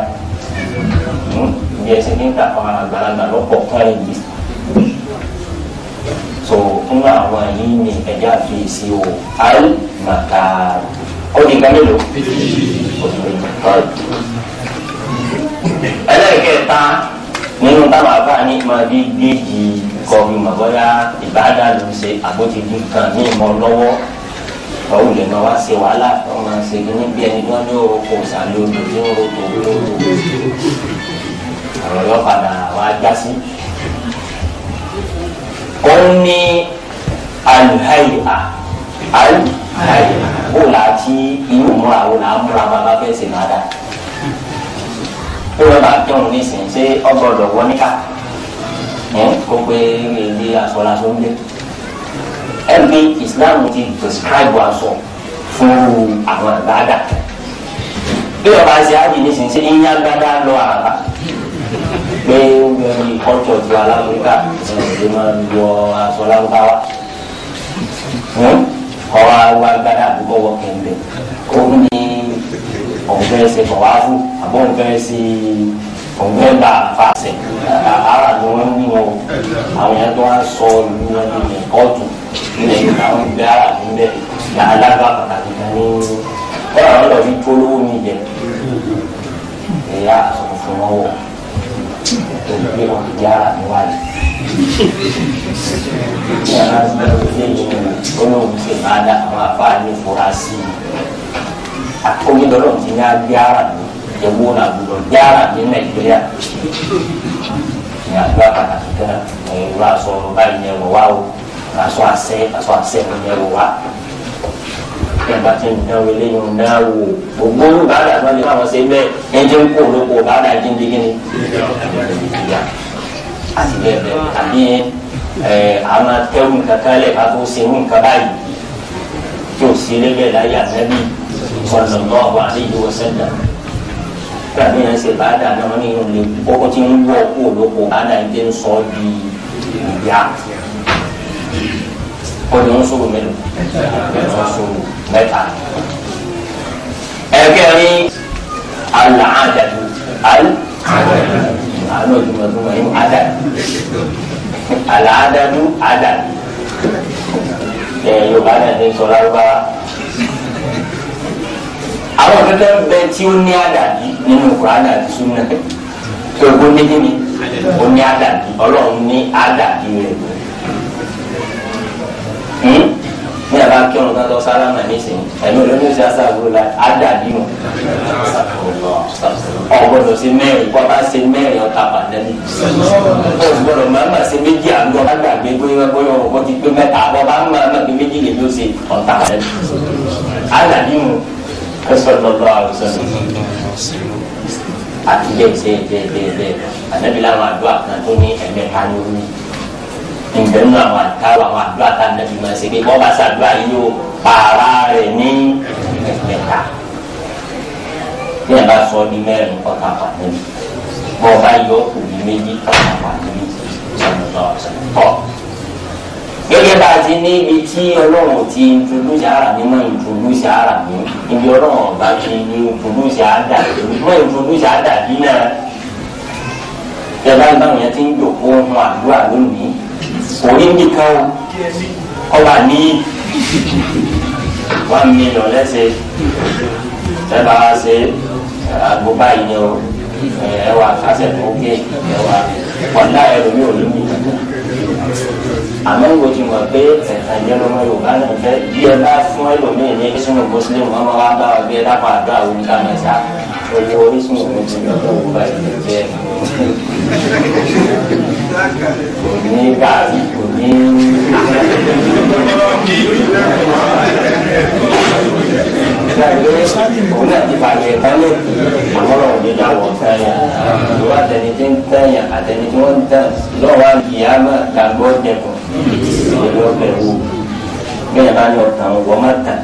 hmm, bí ní ń àwọn àgbàlagbà lọ́pọ̀ fún ẹ̀yìn àwọn yìí ni ẹ̀já àfiyèsí o al màkàr ó di nǹkan mélòó ó di nǹkan ẹlẹ́ẹ̀kẹta nínú táwọn àbá ní máa bí gbéjì kọbi màbọ́yá ìbáadá ló ń ṣe àbótidì kan ní ìmọ̀ lọ́wọ́ tọ́wù lè máa wá ṣe wàhálà tó máa ṣe ní bí ẹni tó ní orúkọ sàlẹ̀ odò ní orúkọ olóró àwọn ọlọ́pàá wá já sí. ó ní alihayia alihayia bó la ti irú múra wo la múra bàbá fẹ́ ṣe máa dà ó lọ́ba tọ́nu nísìnyí ṣé ọgbọ́dọ̀ wọ níkà kó pé ilé asọ́lasọ́ ń gbé ẹ̀mí Islam ti prescribe aṣọ fún àwọn àgbàdà bí ọba ṣe á di nísìnyí ṣé iyán gbádá lọ àrà pé ó gbẹ ní kọ́tọ̀ ju alágbèéká ẹ̀ ẹ̀ máa ń wọ aṣọ lágbáwá ọwọ́ wa gbada àbúkọ wọ kẹ̀mbẹ̀ ó ní òun fẹ́ ṣe kọ̀ wá fún àbọ̀ òun fẹ́ ṣe òun fẹ́ bá a fa ṣe ara ni wọ́n mú o àwọn yẹn tó wá sọ ìlú wọn ní kóòtù ilẹ̀ àwọn ìgbẹ́ ara ní bẹ́ẹ̀ ní alága pàtàkì kan ní ọ̀rọ̀ ọ̀rọ̀ yìí tó lówó mi jẹ ẹ̀yà àsọ̀kùnfún wọn wọ̀ tó ń gbé wọn yára níwájú. yàrá gbẹrù lẹ́yìn olóhùn ṣe máa dá àwọn afáà ní fura sí i. àkóyédọ́rọ̀ ti ní agbára mi ewu náà gbọdọ̀ yára ní nàìjíríà. ní àgbà pàtàkì kan ẹ̀rọ aṣọ báyìí ní ẹ̀rọ wa o aṣọ àṣẹ aṣọ àṣẹ ní ẹ̀rọ wa bẹ́ẹ̀ bá ti ń dán wọlé yìí ń dán wò gbogbo olú bàdà tó ní káwọn ṣe ń bẹ́ẹ̀ ẹjẹ́ ń kó olóko bàdà gíndígíní. àti bẹ́ẹ̀ bẹ́ẹ̀ àbí àmà tẹ́wù kankan lẹ̀ bá tó ṣe wù nǹkan báyìí tí ò sí lẹ́gbẹ̀ẹ́ láyé ànábì sallallahu alaihi wasallam gbàgbé yẹn ṣe bàdà náà ní ìlú kókó tí ń wọ kó olóko bàdà ń dé ń sọ di ìyá kọ́ni wọ́n sọ̀rọ̀ mẹ́lò wọ́n sọ̀rọ̀ mẹ́ta. ẹ̀kẹ́rin alaadadu al àánú ìdúmọ̀dúnmọ̀ yìí adadu alaadadu adadu ẹ̀ yorùbá náà ní sọ lárúbáwá. àwọn òtútù bẹ tí ó ní adadu nínú kùránà àti súnà tó o gbó méjì ni ó ní adadu ọlọ́run ní adadu rẹ̀. Hmm? ní àbá kírun tán lọ sálámà nísìn ẹ̀mí olómi ṣe aṣáájú la ádàbí wọn. ọ̀gbọ́dọ̀ sí mẹ́rin kọ́ bá ṣe mẹ́rin ọ̀tá pàdánù. ọ̀gbọ́dọ̀ máa ma ṣe méjì àgọ́ bá gbàgbé bóyá bóyá ọ̀gbọ́ ti pé mẹ́ta àbọ̀ bá máa ma pé méjì lè ló ṣe ọ̀tá pàdánù. ádàbí wọn ẹ sọ lọ́dọ̀ àwùjọ àti bẹ́ẹ̀ bẹ́ẹ̀ bẹ́ẹ̀ bẹ́ẹ̀ ànábìlà àwọn àdó àkàntún ǹjẹ́ nínú àwọn àtàwọn àwọn àdúrà tá a nàbí máa ṣe pé bọ́ bá ṣàdúrà yìí yóò pààrà rẹ̀ ní mẹ́ta bí ẹ bá sọ ní mẹ́rin ọ̀tà pàdé bọ́ bá yọ òbí méjì ọ̀tà pàdé tọ́ gẹ́gẹ́ bá a ti ní ibi tí ọlọ́run ti introduce ara mi mọ́ introduce ara mi ibi ọlọ́run ọba ti ní introduce àdà mọ́ introduce àdà bí náà yàrá ìbáwọn yẹn ti ń jòkó kò rí nìkan o ọba ní one million lẹ́sẹ̀ ẹ bá a ṣe àgbo báyìí ni o ẹ wà kásẹ̀ tó gé ẹ wà wàlá ẹ lómi ò lómi àmọ́ ìwé ti mọ̀ pé ẹ̀ka ìjẹ́nu ọmọ yorùbá náà fẹ́ bí ẹ bá fún ẹlòmíì ní sínú mùsùlùmí wọn máa wá bá wa bí ẹ dápọ̀ àdó àwọn ìka mẹ́ta owó orísun òkú ti lọ́dọ̀ òwúrọ̀ ìgbẹ́ ní gàrí kò ní. Ìgbàgbé bá ní ọ̀tàn wọ́n máa tàn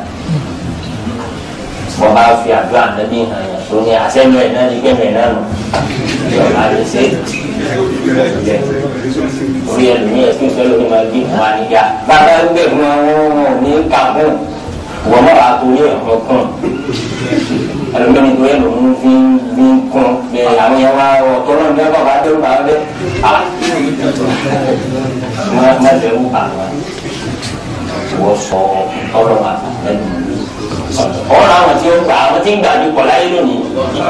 wọn bá fi àdúrà nàbí hàn yàn tó ní àṣẹnu ẹ náà ní kẹmẹ náà nù yọba lè ṣe orí ẹlòmíì ẹsùn ìfẹ́ lórí máa bí wọn àníyá bàbá ẹgbẹ́ wọn wọn ní kàkún wọn bá wàá torí ẹ̀kọ́ kún ẹlòmíì tó yẹ lòún fi fi kún bẹ́ẹ̀ àwọn yẹn wá ọ̀tọ̀ náà ní ọkọ̀ bá dé ọgbà ọdẹ à má má lè wù àwọn wọ́n sọ ọlọ́mọ àtàlẹ́nu ọ̀rọ̀ àwọn tí ó gbà àwọn tí ń gbà dúpọ̀ láyé lónìí ọ̀la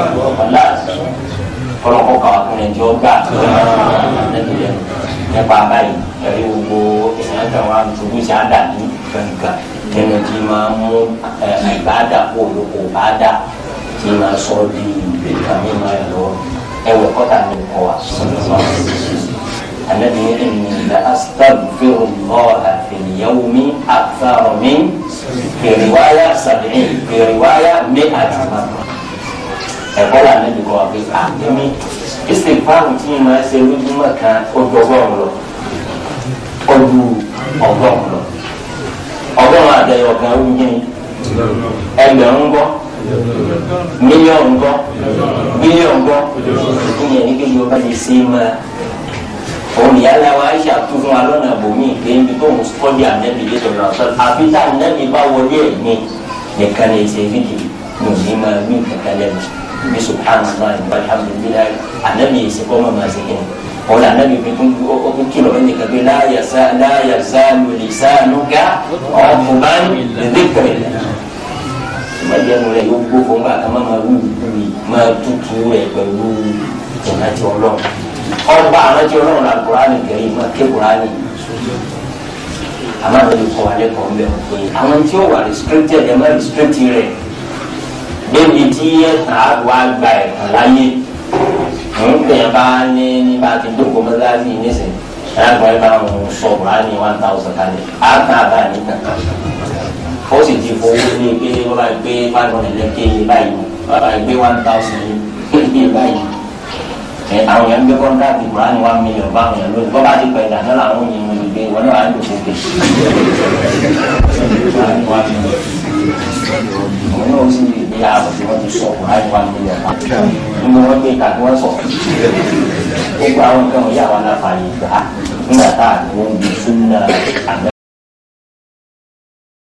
kọlọ́kọ́ kan ọkùnrin tí ó gbà nípa báyìí ẹ̀rí gbogbo ìsìn àti àwọn àtúntò ṣe á dà ní gbẹ̀ngàn nínú tí máa ń mú ìbáàdà kó olóko báàdà tí máa sọ bí ìgbèkà mímọ ẹ lọ ẹwẹ kọta ní ọkọ wa. àlẹ́ mi ní ìlà astagfirullah fìlìyàwómi àfàrọ̀mí kèrìwáyà sàbẹ̀yìn kèrìwáyà mẹ́àdì ẹ̀kọ́ là ní ìdìbò àbí àdémi ìsìnkú tí mo máa ṣe lójúmọ́ kan ó ju ọgọ́rùn lọ ó ju ọgọ́rùn lọ ọgọ́rùn àtẹyọ kan ó yẹ ẹgbẹ̀rún gbọ́ mílíọ̀nù gbọ́ bílíọ̀nù gbọ́ ìyẹn ní kí Yorùbá lè ṣe máa òun ìyáàlá wa aisha tú fún wa lọ́nà bòmí pé ibi tó ń sọ́dí ànẹ́bí lé sọ̀rọ̀ àṣọ àfi tá ànẹ́bí bá wọlé ẹ̀ ní nìkan lè ṣe fídì mo ní máa mí kankan lẹ́nu bí subhanallah alhamdulilayi ànẹ́bí yìí ṣe kọ́ máa máa ṣe kí ni òun ànẹ́bí bí tún ó tún kí lọ́wọ́ nìkan pé láyà sá lùlísàánúgá ọ̀fùnmáà lẹ́dẹ́kẹ̀rẹ̀ ìmọ̀lẹ́nu rẹ̀ yóò gbó fún bàtà máa máa wù wù máa tutù rẹ̀ pẹ̀lú ìrántí ọlọ́run ọba àwọn tí ọlọ́run ra kúránì kẹrin máa ké kúránì àmọ́ àwọn olùkọ́ wa lẹ́kọ̀ọ́ ń bẹ̀ wọ́n pé àwọn tí ó wà restricted ẹ̀ máa restrict rẹ̀ débi tí ẹ̀sán àgbà gba ẹ̀kan láyé ń pèyàn bá ní nípa ti dókòó mọ́sáàsì nísìnyí ẹ̀rọ ẹ̀ bá wọn sọ kúránì one thousand kalẹ̀ á kàn àbá nìkan ó sì ti fowó ní pé wọ́n bá gbé five hundred lẹ́kẹ́ yìí báyìí wọ́n bá gbé one thousand yìí báyìí àwọn yẹn ń gbé kọ́ńtàkì kùránì wá mílíọ̀n bá àwọn yẹn lónìí bọ́ba ti pẹ̀lú àná làwọn yẹn wọn gbé wọn náà á lò sókè. àwọn náà sì rí ìgbé ààbò tí wọ́n ti sọ kùránì wá mílíọ̀n bá nínú wọn gbé kàkí wọ́n sọ. gbogbo àwọn nǹkan wọ̀nyí àwọn aláfààní gbà nígbà tá à ń gbé sunna àná